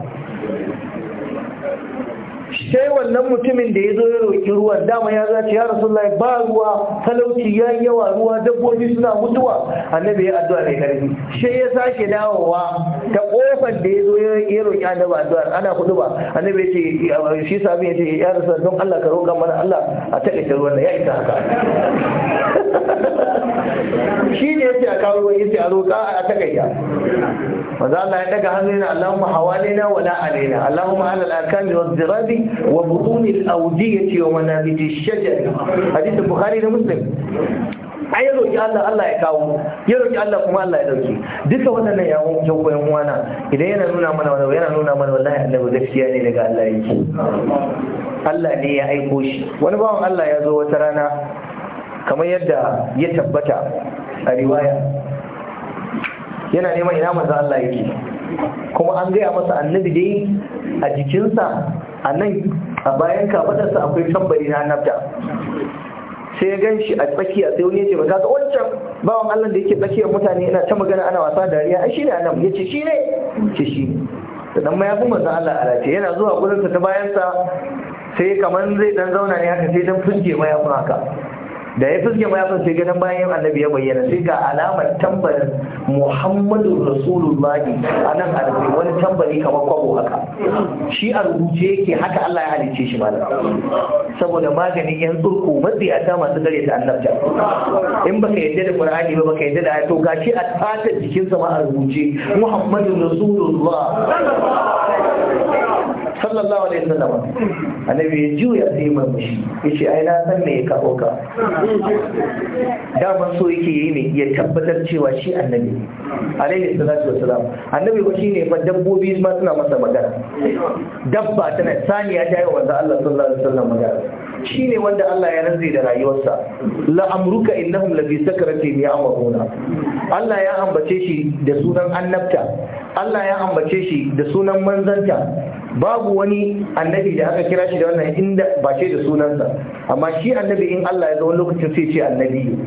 sai wannan mutumin da ya zo ya roƙi ruwa, dama ya zace ya rasulullahi ba ruwa talauci ya yawa ruwa dabbobi suna mutuwa annabi ya addu'a mai karfi sai ya sake dawowa ta kofar da ya zo ya roƙi annabi addu'a ana kudu ba annabi ya ce shi sami ya ce ya rasu don Allah ka roƙa mana Allah a taƙaita ruwan ya isa haka [LAUGHS] shi ne ya ce a kawo ruwan ya ce a roƙa a taƙaita maza Allah ya daga hannu yana Allahumma hawalina wala alaina Allahumma ala al-arkami wa zirabi وبطون الأودية ومنابت الشجر حديث البخاري لمسلم ai ya roƙi Allah Allah ya kawo ya roƙi Allah kuma Allah ya dauke duka waɗannan ya mu jan koyan uwana idan yana nuna mana wani yana nuna mana wallahi annabi gaskiya ne daga Allah ya ke. Allah ne ya aiko shi wani bawan Allah ya zo wata rana kamar yadda ya tabbata a riwaya yana neman ina manzo Allah yake kuma an gaya masa annabi dai a jikinsa a nan a bayan sa akwai tambari na nabda sai ya gan shi a tsakiya sai wani ya ce wancan bawan Allah da yake tsakiyar mutane ina ta magana ana wasa dariya ai shine nan, ya ce shine ce shi ne?' ma ya fi manzon Allah a race yana zuwa gurin ta bayan sa sai kamar zai dan zauna ne haka sai dan fuske mayafin haka da ya fuske san sai ganin bayan annabi ya bayyana sai ga alamar tambarin muhammadu rasulullahi a nan wani tambari kamar kwabo haka shi a rubuce yake haka allah ya halicce shi malam saboda maganin yan tsurku matsi a ta masu gare ta annabta in baka yadda da qur'ani ba baka yadda da ayato gashi a fatar jikinsa ma a rubuce muhammadu rasulullah sallallahu alaihi wasallam annabi ya juya sai shi. yace ai na san me ya kawo ka dama so yake yi ne ya tabbatar cewa shi annabi alaihi salatu wasallam annabi ba shine fa dabbobi ma suna masa magana dabba tana saniya ta yi wanda Allah sallallahu alaihi wasallam magana shi ne wanda Allah ya rantse da rayuwarsa la'amruka innahum sakarati sakratin ya'muruna Allah ya ambace shi da sunan annabta Allah ya ambace shi da sunan manzanta babu wani annabi da aka kira shi da wannan inda ba ce da sunansa amma shi annabi in Allah ya zo wani lokacin sai ce annabi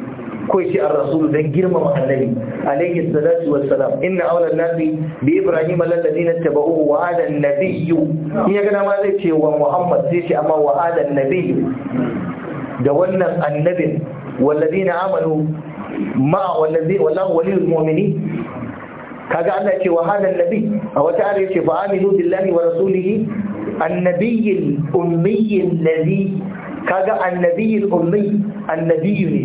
ko ce an rasulu don girmama annabi alayhi salatu wassalam inna awla nasi bi ibrahim alladhina tabauhu wa ala an-nabiy in ya gana ma zai ce wa muhammad sai ce amma wa ala an da wannan annabin والذين آمنوا مع والذين والله ولي المؤمنين kaga Allah ce wa halan nabi a wata ayar yace fa aminu billahi wa rasulihi annabiyil ummiyil ladhi kaga annabiyil ummi annabiyu ne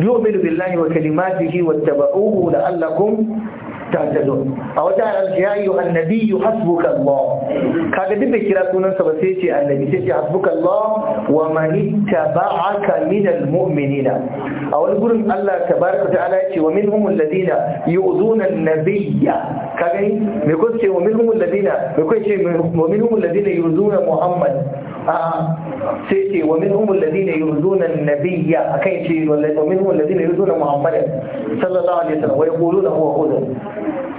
yu'minu billahi wa kalimatihi wattabi'uhu la'allakum tajadun a wata ayar ya yi wa annabi hasbuka Allah kaga duk da kira sunan sa ba sai ce annabi sai ce hasbuka Allah wa man ittaba'aka min almu'minina a wani gurin Allah tabaraka ta'ala ya ce wa minhum alladhina yu'zuna an-nabiyya kaga me ko ce wa minhum alladhina me ko ce wa minhum alladhina yu'zuna Muhammad a sai ce wa minhum alladhina yu'zuna an-nabiyya akai ce wa minhum alladhina yu'zuna Muhammadan sallallahu alaihi wasallam wa yaquluna huwa hudan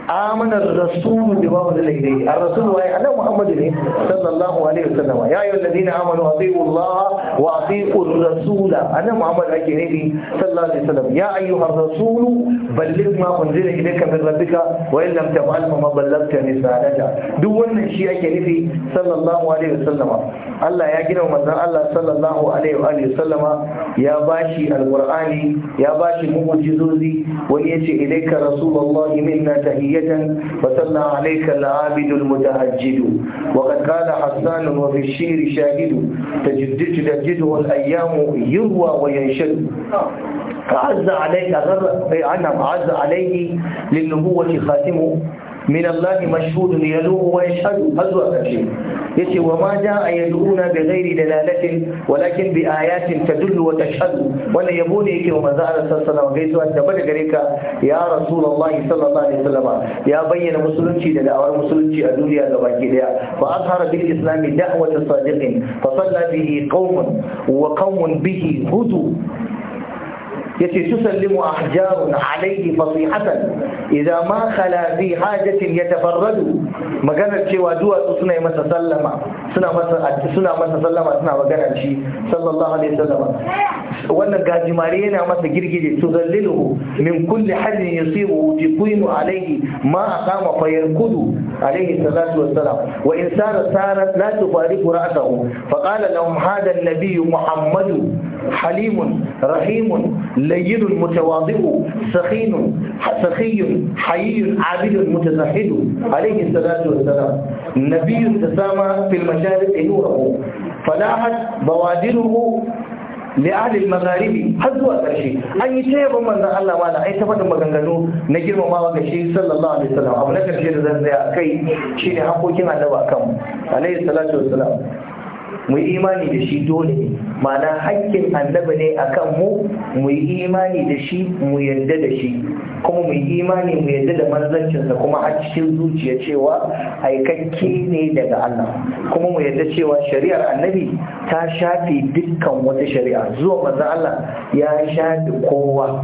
amanar rasulu da babu zai daidai a rasulu wa ya nan ne sallallahu alaihi wasallam ya yi wanda dina amanu a zai wallaha wa a rasula a nan muhammadu ake ne sallallahu alaihi ya ayyu har rasulu balli ma kun zai daidai ka min rabbika wa in lam tafal ma ballabta duk wannan shi ake nufi sallallahu alaihi wasallam Allah ya gina manzon Allah sallallahu alaihi wa alihi ya bashi alqur'ani ya bashi mu'jizozi wani yace ilaika rasulullahi minna تهية فصلى عليك العابد المتهجد وقد قال حسان وفي الشير شاهد تجدد تجده الأيام يروى وينشد عز عليك أنعم عز عليه للنبوة خاتمه min Allah mashhudun yaluhu wa yashhadu har zuwa ƙarshe yace wa ma jaa yad'una bi ghairi dalalatin walakin bi ayatin tadullu wa tashhadu wannan yabo ne yake wa manzo Allah sallallahu alaihi wasallam gaisuwa tabbata gare ka ya rasulullahi sallallahu alaihi wasallam ya bayyana musulunci da da'awar musulunci a duniya gabaki daya fa azhara bil islami da'wata sadiqin fa salla bihi qaumun wa qaumun bihi hudu Ya yace tusallimu ahjarun alayhi fasihatan idan ma kala khala bi ya yatafarradu maganar cewa duwatsu suna masa sallama suna masa suna sallama suna magana shi sallallahu alaihi wasallam wannan gajimare yana masa girgije tuzalliluhu min kulli hadin yusibu tuqimu alayhi ma a kama fayarkudu alayhi salatu wassalam wa in sara sarat la tufariqu ra'sahu faqala lahum hada an-nabiy muhammadu حليم رحيم ليل متواضع سخين سخي حي عابد متزهد عليه الصلاة والسلام نبي تسامى في المشارق نوره فلاحت بوادره لأهل المغاربي حزوة الشيء أي شيء من الله وانا أي سفر ما كان كانوا نجيب ما هو كشي صلى الله عليه وسلم أبو نكر شيء ذا كي شيء حقوقي على عليه الصلاة والسلام mu yi imani da shi dole ma'ana hakkin annabi ne akan mu mu yi imani da shi mu yarda da shi kuma mu yi imani mu yarda da manzancinsa kuma a cikin zuciya cewa aikakke ne daga Allah kuma mu yarda cewa shari'ar annabi ta shafi dukkan wata shari'a zuwa manzan Allah ya shafi kowa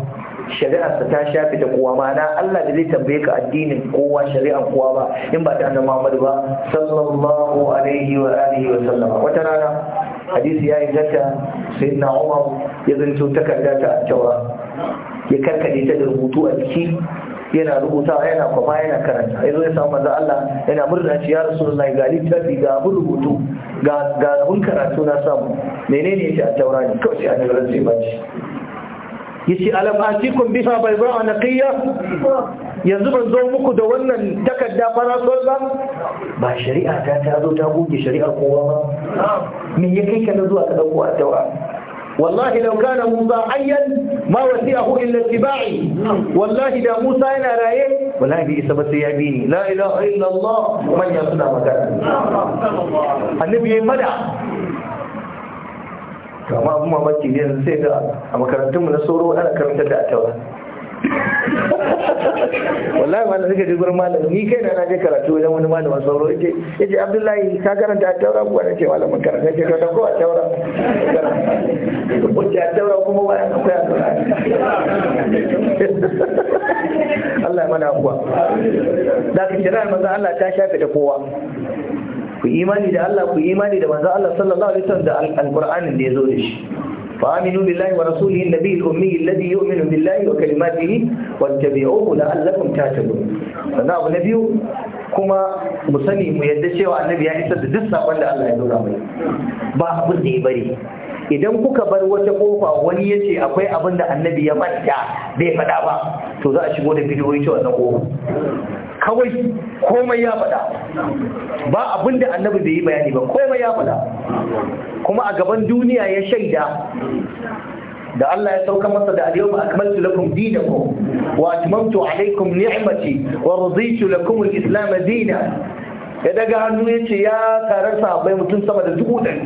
shari'arsa ta shafi ta kowa ma'ana Allah da zai tambaye ka addinin kowa shari'ar kowa ba in ba ta annabi Muhammadu ba sallallahu alaihi wa alihi wa sallama wata rana hadisi ya inganta sayyidina Umar ya zanto takarda ta tawa ya karkade ta da rubutu a ciki yana rubuta yana kwama yana karanta ya zo ya samu manzo Allah yana murna shi ya rasulullahi ga littafi ga abun rubutu ga mun karatu na samu menene yake a taurani ne kawai sai an yi rantsi ba yace alam atikum biha bayda naqiya yanzu ban zo muku da wannan takarda farasol ba ba shari'a ta ta zo ta goge shari'ar kowa ba me ya kai ka zuwa ka dauko addu'a wallahi law kana musa ayyan ma wasi'ahu illa tibai wallahi da musa yana raye wallahi bi isa sai ya bi ni la ilaha illa allah man magana annabi ya mada kama abu mamaki ne yanzu sai da a makarantunmu na soro ana karanta da atawa wallahi ma suka je gurin malam ni kai na je karatu wajen wani malamin sauro yake yake Abdullahi ka karanta a taura kuwa ce malamin karanta ke ka ko a taura Wacce a taura kuma ba akwai a taura Allah ya mana kuwa da kira manzo Allah ta shafe da kowa ku imani da Allah ku imani da manzo Allah sallallahu alaihi wasallam da al-kur'an alqur'anin da yazo da shi wa فآمنوا بالله ورسوله النبي الأمي الذي يؤمن بالله وكلماته واتبعوه لعلكم تهتدون sannan abu na biyu kuma mu sani mu yadda cewa annabi ya isa da duk sabon da Allah ya nuna mai ba abin da ya bari idan kuka bar wata kofa wani ya ce akwai abin da annabi ya manta bai faɗa ba to za a shigo da ya ce wannan kofa kawai komai ya faɗa ba abin da annabi bai yi bayani ba komai ya faɗa kuma a gaban duniya ya shaida da Allah ya sauka masa da al-yawma akmaltu lakum dinakum wa atmamtu alaykum ni'mati wa raditu lakum al-islam dinan ya daga hannu yace ya tarar sahabbai mutum sama da dubu ɗari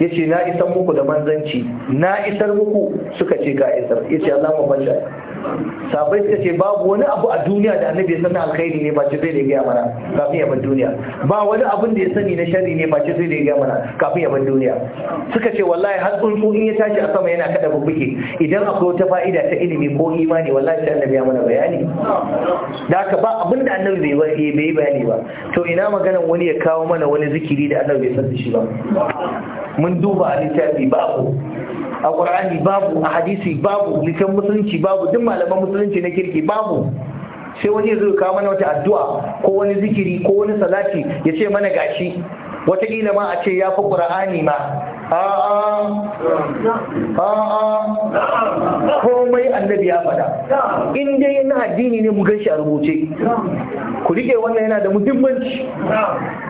ya ce na isar muku da manzanci na isar muku suka ce ka isar ya ce Allah sabai suka ce babu wani abu a duniya da annabi ya sani alkhairi ne face sai da ya gaya mana kafin ya bar duniya ba wani abin da ya sani na shari ne face sai da ya gaya mana kafin ya bar duniya suka ce wallahi har tsuntsu in ya tashi a sama yana kada bubbuke idan akwai wata fa'ida ta ilimi ko imani wallahi sai annabi ya mana bayani da haka ba abin da annabi bai yi bayani ba to ina maganar wani ya kawo mana wani zikiri da annabi bai san shi ba mun duba a littafi babu a ƙur'ani babu a hadisi babu litan musulunci babu duk malaman musulunci na kirki babu sai wani ya zo kawo mana wata addu'a ko wani zikiri ko wani salati ya ce mana gashi wataƙila ma a ce ya fi ƙur'ani ma a'a komai annabi ya faɗa in dai na addini ne mu gan shi a rubuce ku riƙe wannan yana da muhimmanci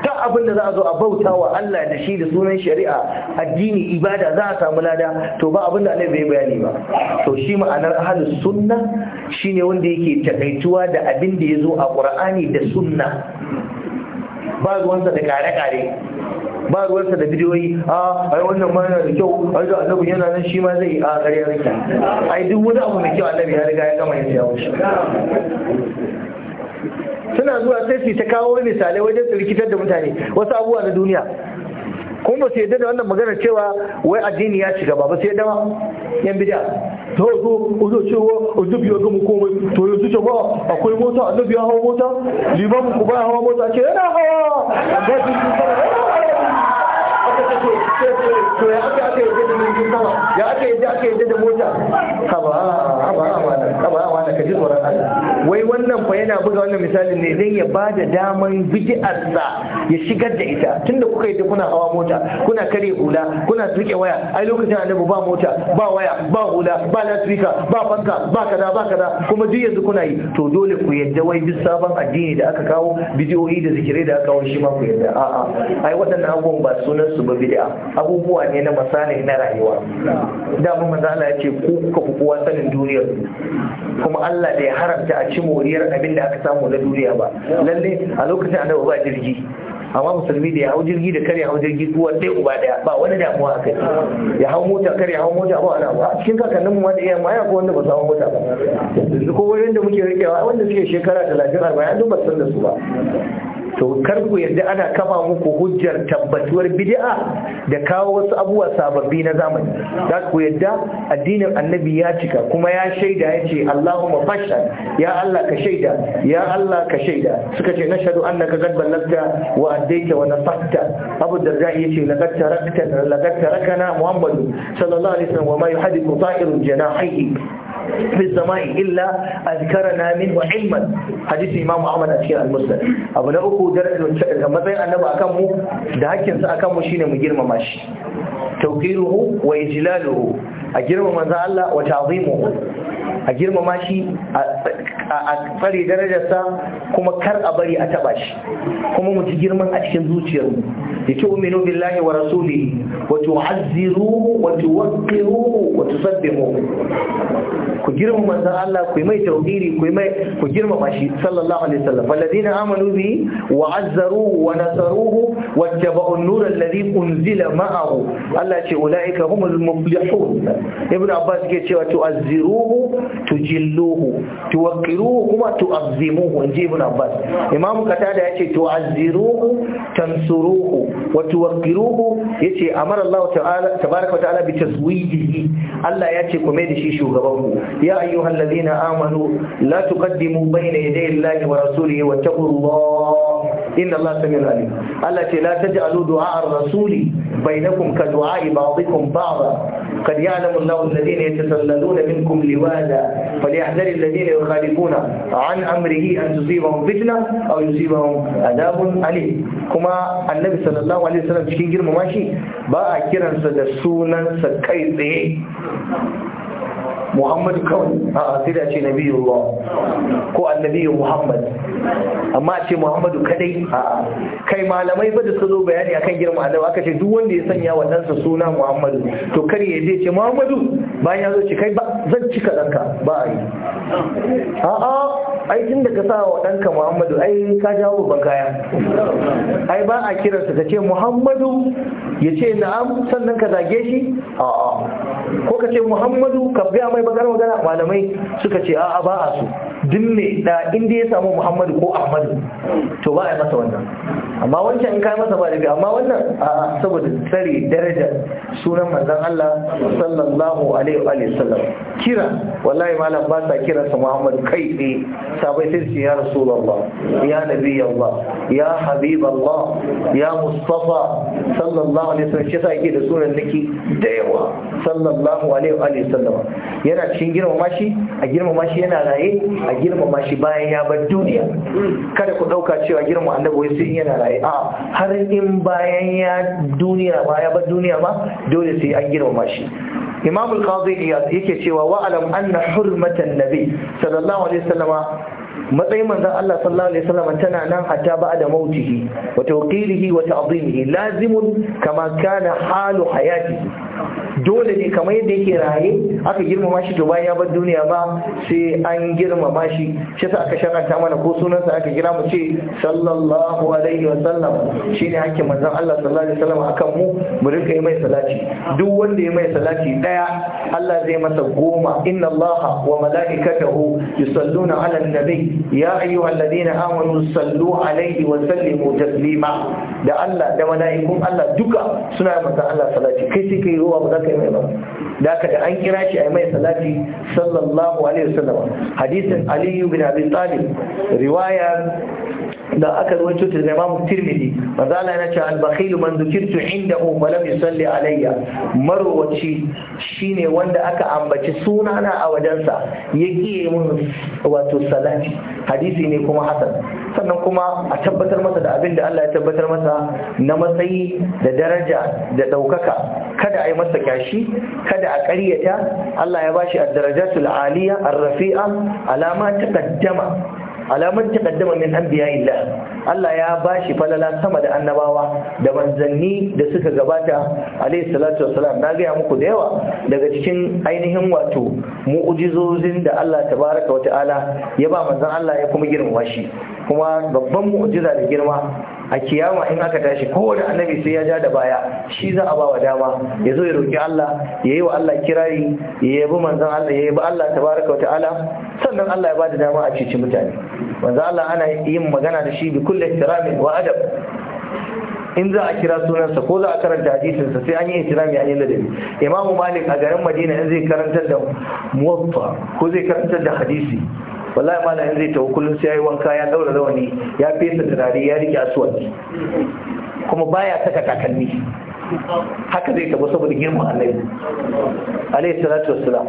ta abin da za a zo a bauta wa Allah da shi da sunan shari'a addini ibada za a samu lada to ba abin da annabi bai bayani ba to shi ma'anar ahlus sunna shine wanda yake takaituwa da abin da ya zo a Qur'ani da sunna ba ruwansa da kare-kare ba sa da bidiyoyi a ai wannan ma yana da kyau ai da annabi yana nan shi ma zai yi a ƙarya rike ai duk wani abu mai kyau annabi ya riga ya gama yin jawo shi suna zuwa sai su ta kawo misalai wajen su da mutane wasu abubuwa na duniya ko ba su yadda da wannan magana cewa wai addini ya shiga ba ba yadda dawa yan bid'a to zo uzo cewa uzo biyo ga komai to yanzu ce ba akwai mota annabi ya hawa mota limamin ku ba hawa mota ce yana hawa ba su sun to ya ake ake yadda da mota ka ba ake ba ake yadda mota haba haba Ta'ala ka ji tsoron Allah wai wannan fa yana buga wannan misalin ne zai ya ba da damar bid'arsa ya shigar da ita tunda kuka yi kuna hawa mota kuna kare hula kuna tuke waya ai lokacin annabi ba mota ba waya ba hula ba latrika ba fanka ba kaza ba kaza kuma duk yanzu kuna yi to dole ku yadda wai bi sabon addini da aka kawo bidiyoyi da zikirai da aka kawo shi ma ku yadda a'a ai waɗannan abubuwan ba sunan su ba bid'a abubuwa ne na masani na rayuwa da mun manzo Allah ya ce ku kuka fi sanin duniyar kuma kuma Allah da ya haramta a ci moriyar abin da aka samu na duniya ba lalle a lokacin annabi ba jirgi amma musulmi da ya hau jirgi da kare hau jirgi kuwa sai uba daya ba wani damuwa a kai ya hau mota kare hau mota ba wani a cikin kakannin mu wanda iya maya ko wanda ba su hau mota ba ko wurin da muke rikewa wanda suke shekara talatin arba'in duk ba san da su ba to kar ku yarda ana kama muku hujjar tabbatuwar bid'a da kawo wasu abubuwa sababbi na zamani za ku yarda addinin annabi ya cika kuma ya shaida ya ce Allahumma fashhad ya Allah ka shaida ya Allah ka shaida suka ce nashhadu annaka qad ballagta wa addaita wa nafahta Abu Darda yace laqad tarakta laqad tarakana Muhammad sallallahu alaihi wasallam wa ma yuhadithu ta'irun janahihi fi samai illa azkarana min wa ilman hadisi imam ahmad a cikin al-musnad abu na uku darajar matsayin annabi akan mu da hakkin sa akan mu shine mu girmama shi tawqiruhu wa ijlaluhu a girmama manzo Allah wa ta'zimuhu a girmama shi a tsare darajarsa kuma kar a bari a taɓa shi kuma mu ci girman a cikin zuciyarmu لتؤمنوا بالله ورسوله وتعزروه وتوقروه وتصدقوه كجرم من ذا الله كيمي توقيري كيمي كجرم ماشي صلى الله عليه وسلم فالذين آمنوا به وعزروه ونصروه واتبعوا النور الذي أنزل معه الله أولئك هم المفلحون ابن عباس كيتشوا تعزروه تجلوه توقروه كما تعظموه انجي ابن عباس إمام قتادة يقول تعزروه تنصروه wa tuwaqqiruhu yace amara Allah ta'ala tabaraka ta'ala bi taswijihi Allah ya ku kuma da shi shugaban ku ya ayyuhallazina amanu la tuqaddimu bayna yaday Allah wa rasulihi wattaqullah inna Allah samiul alim Allah ce la taj'alu du'a ar-rasuli bainakum ka du'a ba'dikum ba'da قد يعلم الله الذين يتسللون منكم لواذا فليحذر الذين يخالفون عن امره ان تصيبهم فتنه او يصيبهم عذاب اليم كما النبي صلى sallallahu alaihi wasallam cikin girmama shi ba a kiransa da sunansa kai tsaye muhammadu kawai a sai ce na nabiyu Allah ko annabiyu muhammad amma a ce muhammadu kadai a kai malamai ba da su zo bayani akan girma annabi aka ce duk wanda ya sanya wa ɗansa suna muhammadu to kar ya je ce muhammadu bayan ya zo ce kai ba zan cika ɗanka ba a yi a'a ai tun da ka sa wa ɗanka muhammadu ai ka jawo babban kaya ai ba a kiransa ka ce muhammadu ya ce na'am sannan ka zage shi a'a ko ka ce muhammadu ka gaya mai magana magana malamai suka ce a'a ba a din ne da inda ya samu muhammadu ko ahmadu to ba a yi masa wannan amma wancan in kai masa ba da amma wannan a saboda tsari daraja sunan manzon Allah sallallahu alaihi wa sallam kira wallahi malam ba sa kira sa muhammadu kai ne sabai sai ce ya rasulullah ya nabi Allah ya habib Allah ya mustafa sallallahu alaihi wa sallam shi sa yake da sunan niki da yawa sallallahu alaihi wa sallam yana cikin girmama shi a girmama shi yana raye a girmama shi bayan ya bar duniya kada ku ɗauka cewa girma annabi wai sai yana raye a har in bayan ya duniya ma ya bar duniya ma dole sai an girmama shi imam al-qadi yake cewa wa alam anna hurmatan nabi sallallahu alaihi wasallama matsayin manzon Allah sallallahu alaihi wasallam tana nan hatta ba'da mautihi wa tawqilihi wa ta'dhimihi lazimun kama kana halu hayatihi dole ne kamar yadda yake raye aka girmama shi to bayan ya bar duniya ba sai an girmama shi shi sa aka sharanta mana ko sunansa aka kira mu ce sallallahu alaihi wa wasallam shine hakkin manzon Allah sallallahu alaihi wa sallam akan mu mu rinka yi mai salati duk wanda ya mai salati daya Allah zai masa goma inna Allah wa malaikatahu yusalluna ala nabi ya ayyuhalladhina amanu sallu alaihi wa sallimu taslima da Allah da malaikun Allah duka suna masa Allah salati kai sai kai wa ba za ka yi da aka da an kira shi a mai salati sallallahu alaihi wasallam hadisin aliyu bin abi talib riwaya da aka rawaito da Imam Tirmidhi manzo Allah yana cewa al-bakhil man dhukirtu indahu wa lam yusalli alayya marwaci shine wanda aka ambaci sunana a wajensa ya kiye mun wato salati hadisi ne kuma hasan sannan kuma a tabbatar masa da abin da Allah ya tabbatar masa na matsayi da daraja da ɗaukaka kada a yi masa kyashi kada kada a ƙaryata Allah ya bashi a darajatul aliya ar-rafi'a alama taqaddama alamar kaddama min anbiya'illah Allah ya bashi falala sama da annabawa da manzanni da suka gabata alayhi salatu wassalam na gaya muku da yawa daga cikin ainihin wato mu'ujizozin da Allah tabaraka wa ta'ala ya ba manzan Allah ya kuma girmama shi kuma babban mu'ujiza da girma a kiyama in aka tashi kowane annabi sai ya ja da baya shi za a ba wa dama ya zo ya roki Allah ya yi wa Allah kirari ya yabi manzan Allah ya yabi Allah ta baraka wa ta'ala sannan Allah ya ba da dama a cici mutane manzan Allah ana yin magana da shi bi kulli ihtiramin wa adab in za a kira sunansa ko za a karanta hadisinsa sai an yi islami an yi ladabi imamu malik a garin madina in zai karantar da muwatta ko zai karantar da hadisi wallahi ma nan zai tawo kullum sai yayi wanka ya daura rawani ya fesa turare ya rike asuwaki kuma baya saka kakanni. haka zai tabo saboda girman annabi alayhi salatu wassalam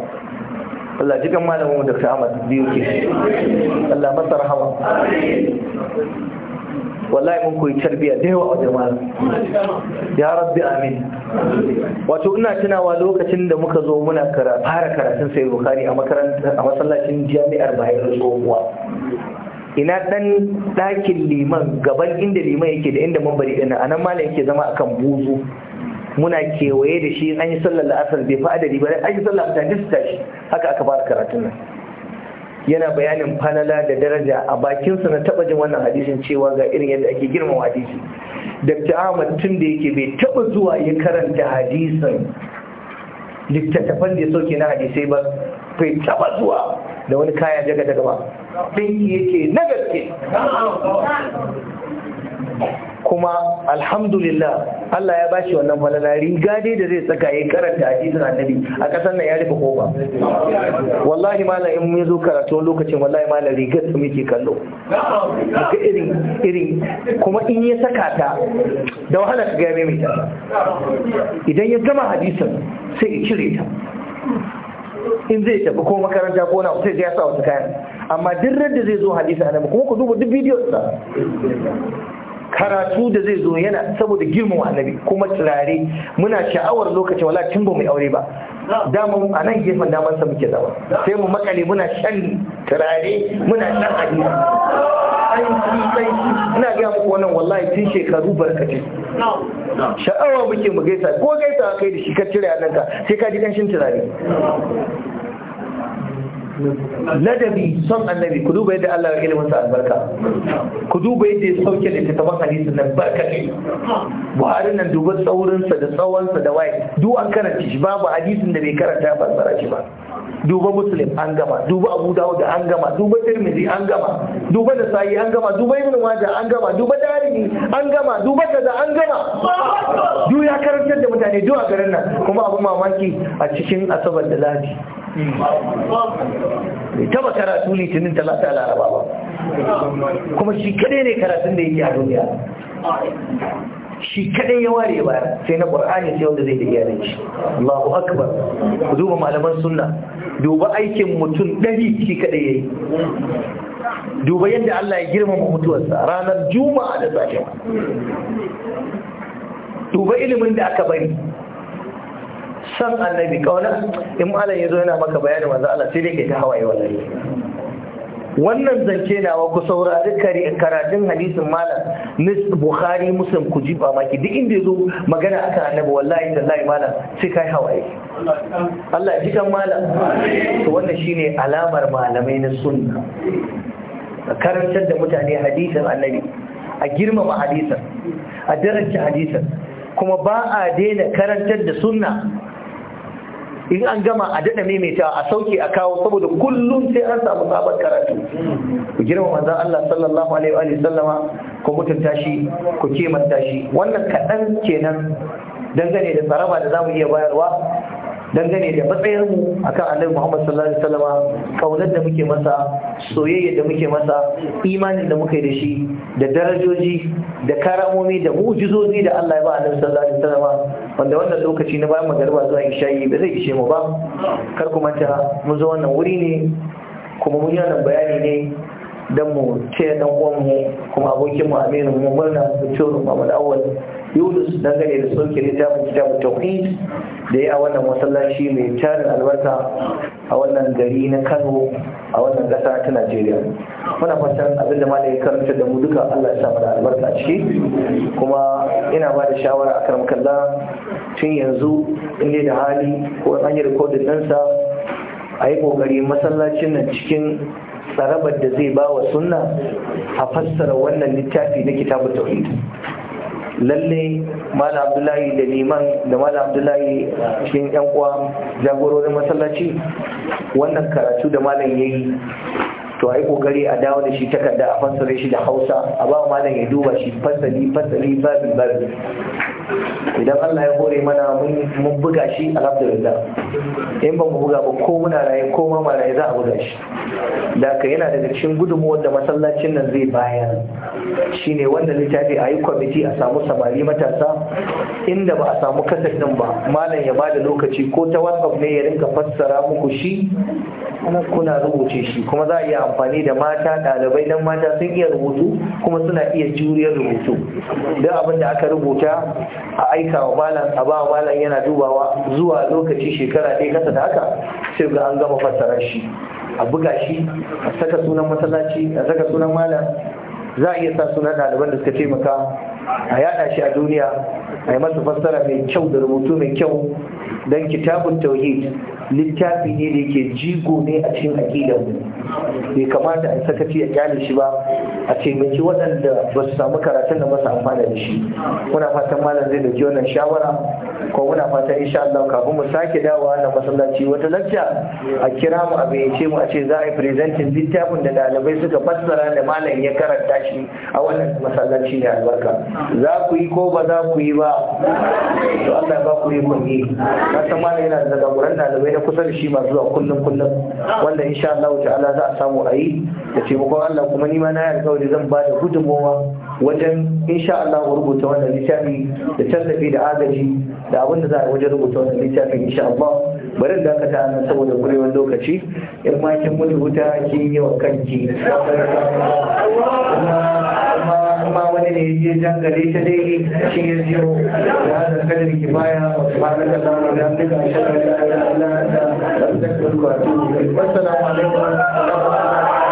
Allah jikan malamin mu Dr. Ahmad Biyu ke Allah masa rahama wallahi mun koyi tarbiya da yawa a jama'a ya rabbi amin wato ina tunawa lokacin da muka zo muna fara karatun sai bukari a a masallacin jami'ar bayan tsohuwa ina dan ɗakin liman gaban inda liman yake da inda mambari ɗin a nan malam yake zama akan buzu muna kewaye da shi an yi sallar la'asar bai fa'adari ba an yi sallar ta tashi haka aka fara karatun nan yana bayanin falala da daraja a bakinsa na taba jin wannan hadisin cewa ga irin yadda ake girmama hadisi dr ahmad tun da yake bai taba zuwa ya karanta hadisin littattafan da ya soke na hadisai ba bai taba zuwa da wani kaya daga daga ba ɗinki yake na gaske kuma alhamdulillah Allah ya bashi wannan falala riga dai da zai tsaka ya karanta hadisin annabi a kasar nan ya rufe kofa wallahi malam in mun zo karatu lokacin wallahi malam rigar su muke kallo ga irin irin kuma in ya saka ta da wahala ka ga mai ta idan ya gama hadisin sai ya cire ta in zai tafi ko makaranta ko na sai ya sa wasu kayan amma duk da zai zo hadisi annabi kuma ku duba duk bidiyon sa karatu da zai zo yana saboda girmama annabi kuma turare muna sha'awar lokacin wala tun ba mu aure ba daman a nan gefen daman sa muke zama sai mu makale muna shan turare muna shan hadisi ina ga muku wannan wallahi tun shekaru barkatai sha'awa muke mu gaisa ko gaisa kai da shi ka cire nan ka sai ka ji kanshin turare ladabi son annabi ku duba yadda Allah ya ilimin sa albarka ku duba yadda ya sauke da tattaban hadisin nan barka ne Buhari nan duba tsaurinsa da tsawonsa da waye duk an karanta shi babu hadisin da bai karanta ba tsara shi ba duba muslim an gama duba abu dawud an gama duba tirmidhi an gama duba nasa'i an gama duba ibn majah an gama duba darimi an gama duba kaza an gama duk ya karantar da mutane duk a garin nan kuma abu mamaki a cikin asabar da lahadi bai taba karatu litinin talata laraba ba kuma shi kadai ne karatun da yake a duniya shi kadai ya ware ba sai na qur'ani sai wanda zai da iyalin shi Allahu akbar ku duba malaman sunna duba aikin mutum ɗari shi kadai ya yi. duba yadda Allah ya girmama mutuwarsa ranar juma'a da safiya duba ilimin da aka bari san annabi kauna in malam yazo yana maka bayani manzo Allah sai dai kai ta hawaye wallahi wannan zance wa ku saurari karatun hadisin malam nis bukhari muslim ku ji ba maki duk inda yazo magana akan annabi wallahi tallahi malam sai kai hawaye Allah ya jikan malam to wannan shine alamar malamai na sunna karantar da mutane hadisin annabi a girmama hadisin a daraja hadisin kuma ba a daina karantar da sunna in an gama a daɗa maimaita a sauke a kawo saboda kullum sai an samu sabon karatu ku girma manzan Allah sallallahu alaihi wa sallama ku mutunta shi ku kimanta shi wannan kaɗan kenan dangane da tsaraba da zamu iya bayarwa dangane da matsayinmu akan annabi Muhammad sallallahu alaihi wasallam kaunar da muke masa soyayya da muke masa imanin da muke da shi da darajoji da karamomi da mu'jizozi da Allah ya ba annabi sallallahu alaihi wanda wannan lokaci na bayan magariba zuwa ishayi ba zai ishe mu ba kar ku manta mun zo wannan wuri ne kuma mun yi wannan bayani ne don mu ce don uwanmu kuma abokin mu aminu mu murna mutum Muhammad Awwal Yunus dangane da da littafin kitabu tauhid da ya wannan masallaci mai tarin albarka a wannan gari na Kano a wannan ƙasa ta Najeriya. Muna fatan abinda ma ya karanta da mu duka Allah ya samu da albarka ciki kuma ina ba da shawara a karam kalla tun yanzu in da hali ko an yi rikodin ɗinsa a yi ƙoƙari masallacin nan cikin tsarabar da zai ba wa sunna a fassara wannan littafi na kitabun tauhid lalle malam abdullahi da liman da malam abdullahi cikin yan uwa jagororin masallaci wannan karatu da malam yayi to ai kokari a dawo da shi takarda a fassare shi da Hausa a ba malam ya duba shi fasali fasali babi babi idan Allah ya hore mana mun buga shi alhamdulillah in ba mu buga ba ko muna raye ko ma ma raye za a buga shi da ka yana daga cikin gudunmuwar da masallacin nan zai bayar shine wannan littafi a yi kwamiti a samu samari matasa inda ba a samu kasar din ba malam ya bada lokaci ko ta whatsapp ne ya rinka fassara muku shi kuna rubuce shi kuma za a iya amfani da mata ɗalibai don mata sun iya rubutu kuma suna iya juriyar rubutu don abin da aka rubuta a aika wa malam a ba malam yana dubawa zuwa lokaci shekara ɗaya kasa da haka sai ga an gama fassara shi a buga shi a saka sunan masallaci a saka sunan malam za a iya sa sunan ɗaliban da suka taimaka a yada shi a duniya a yi masa fassara mai kyau da rubutu mai kyau don kitabun tauhid littafi ne da yake jigo ne a cikin aƙidar bai kamata a sakaci a kyale shi ba a taimaki waɗanda ba su samu karatun da masu amfana da shi muna fatan malam zai dauki wannan shawara ko muna fatan insha Allah kafin mu sake dawowa na masallaci wata lacca a kira mu a bayyace mu a ce za a yi presenting littafin da ɗalibai suka fassara da malam ya karanta shi a wannan masallaci ne albarka za ku yi ko ba za ku yi ba to Allah ba ku yi kun yi na san yana da jagoran dalibai na kusa da shi masu zuwa kullum kullum wanda insha Allah Allah za a samu a yi da taimakon Allah kuma ni ma na yi alƙawari zan ba da gudunmawa wajen insha Allah rubuta wannan littafi da tallafi da agaji da abin da za a wajen rubuta wannan littafin insha Allah bari da ka ta nan saboda kurewar lokaci in ma kin mutu wuta kin yi wa kanki kuma wani ne ya je jangare ta dai shi ya yau da hada kadar kifaya wa subhanaka allahumma da ta ashhadu an la ilaha da anta astaghfiruka wa ta. ilaik wassalamu alaikum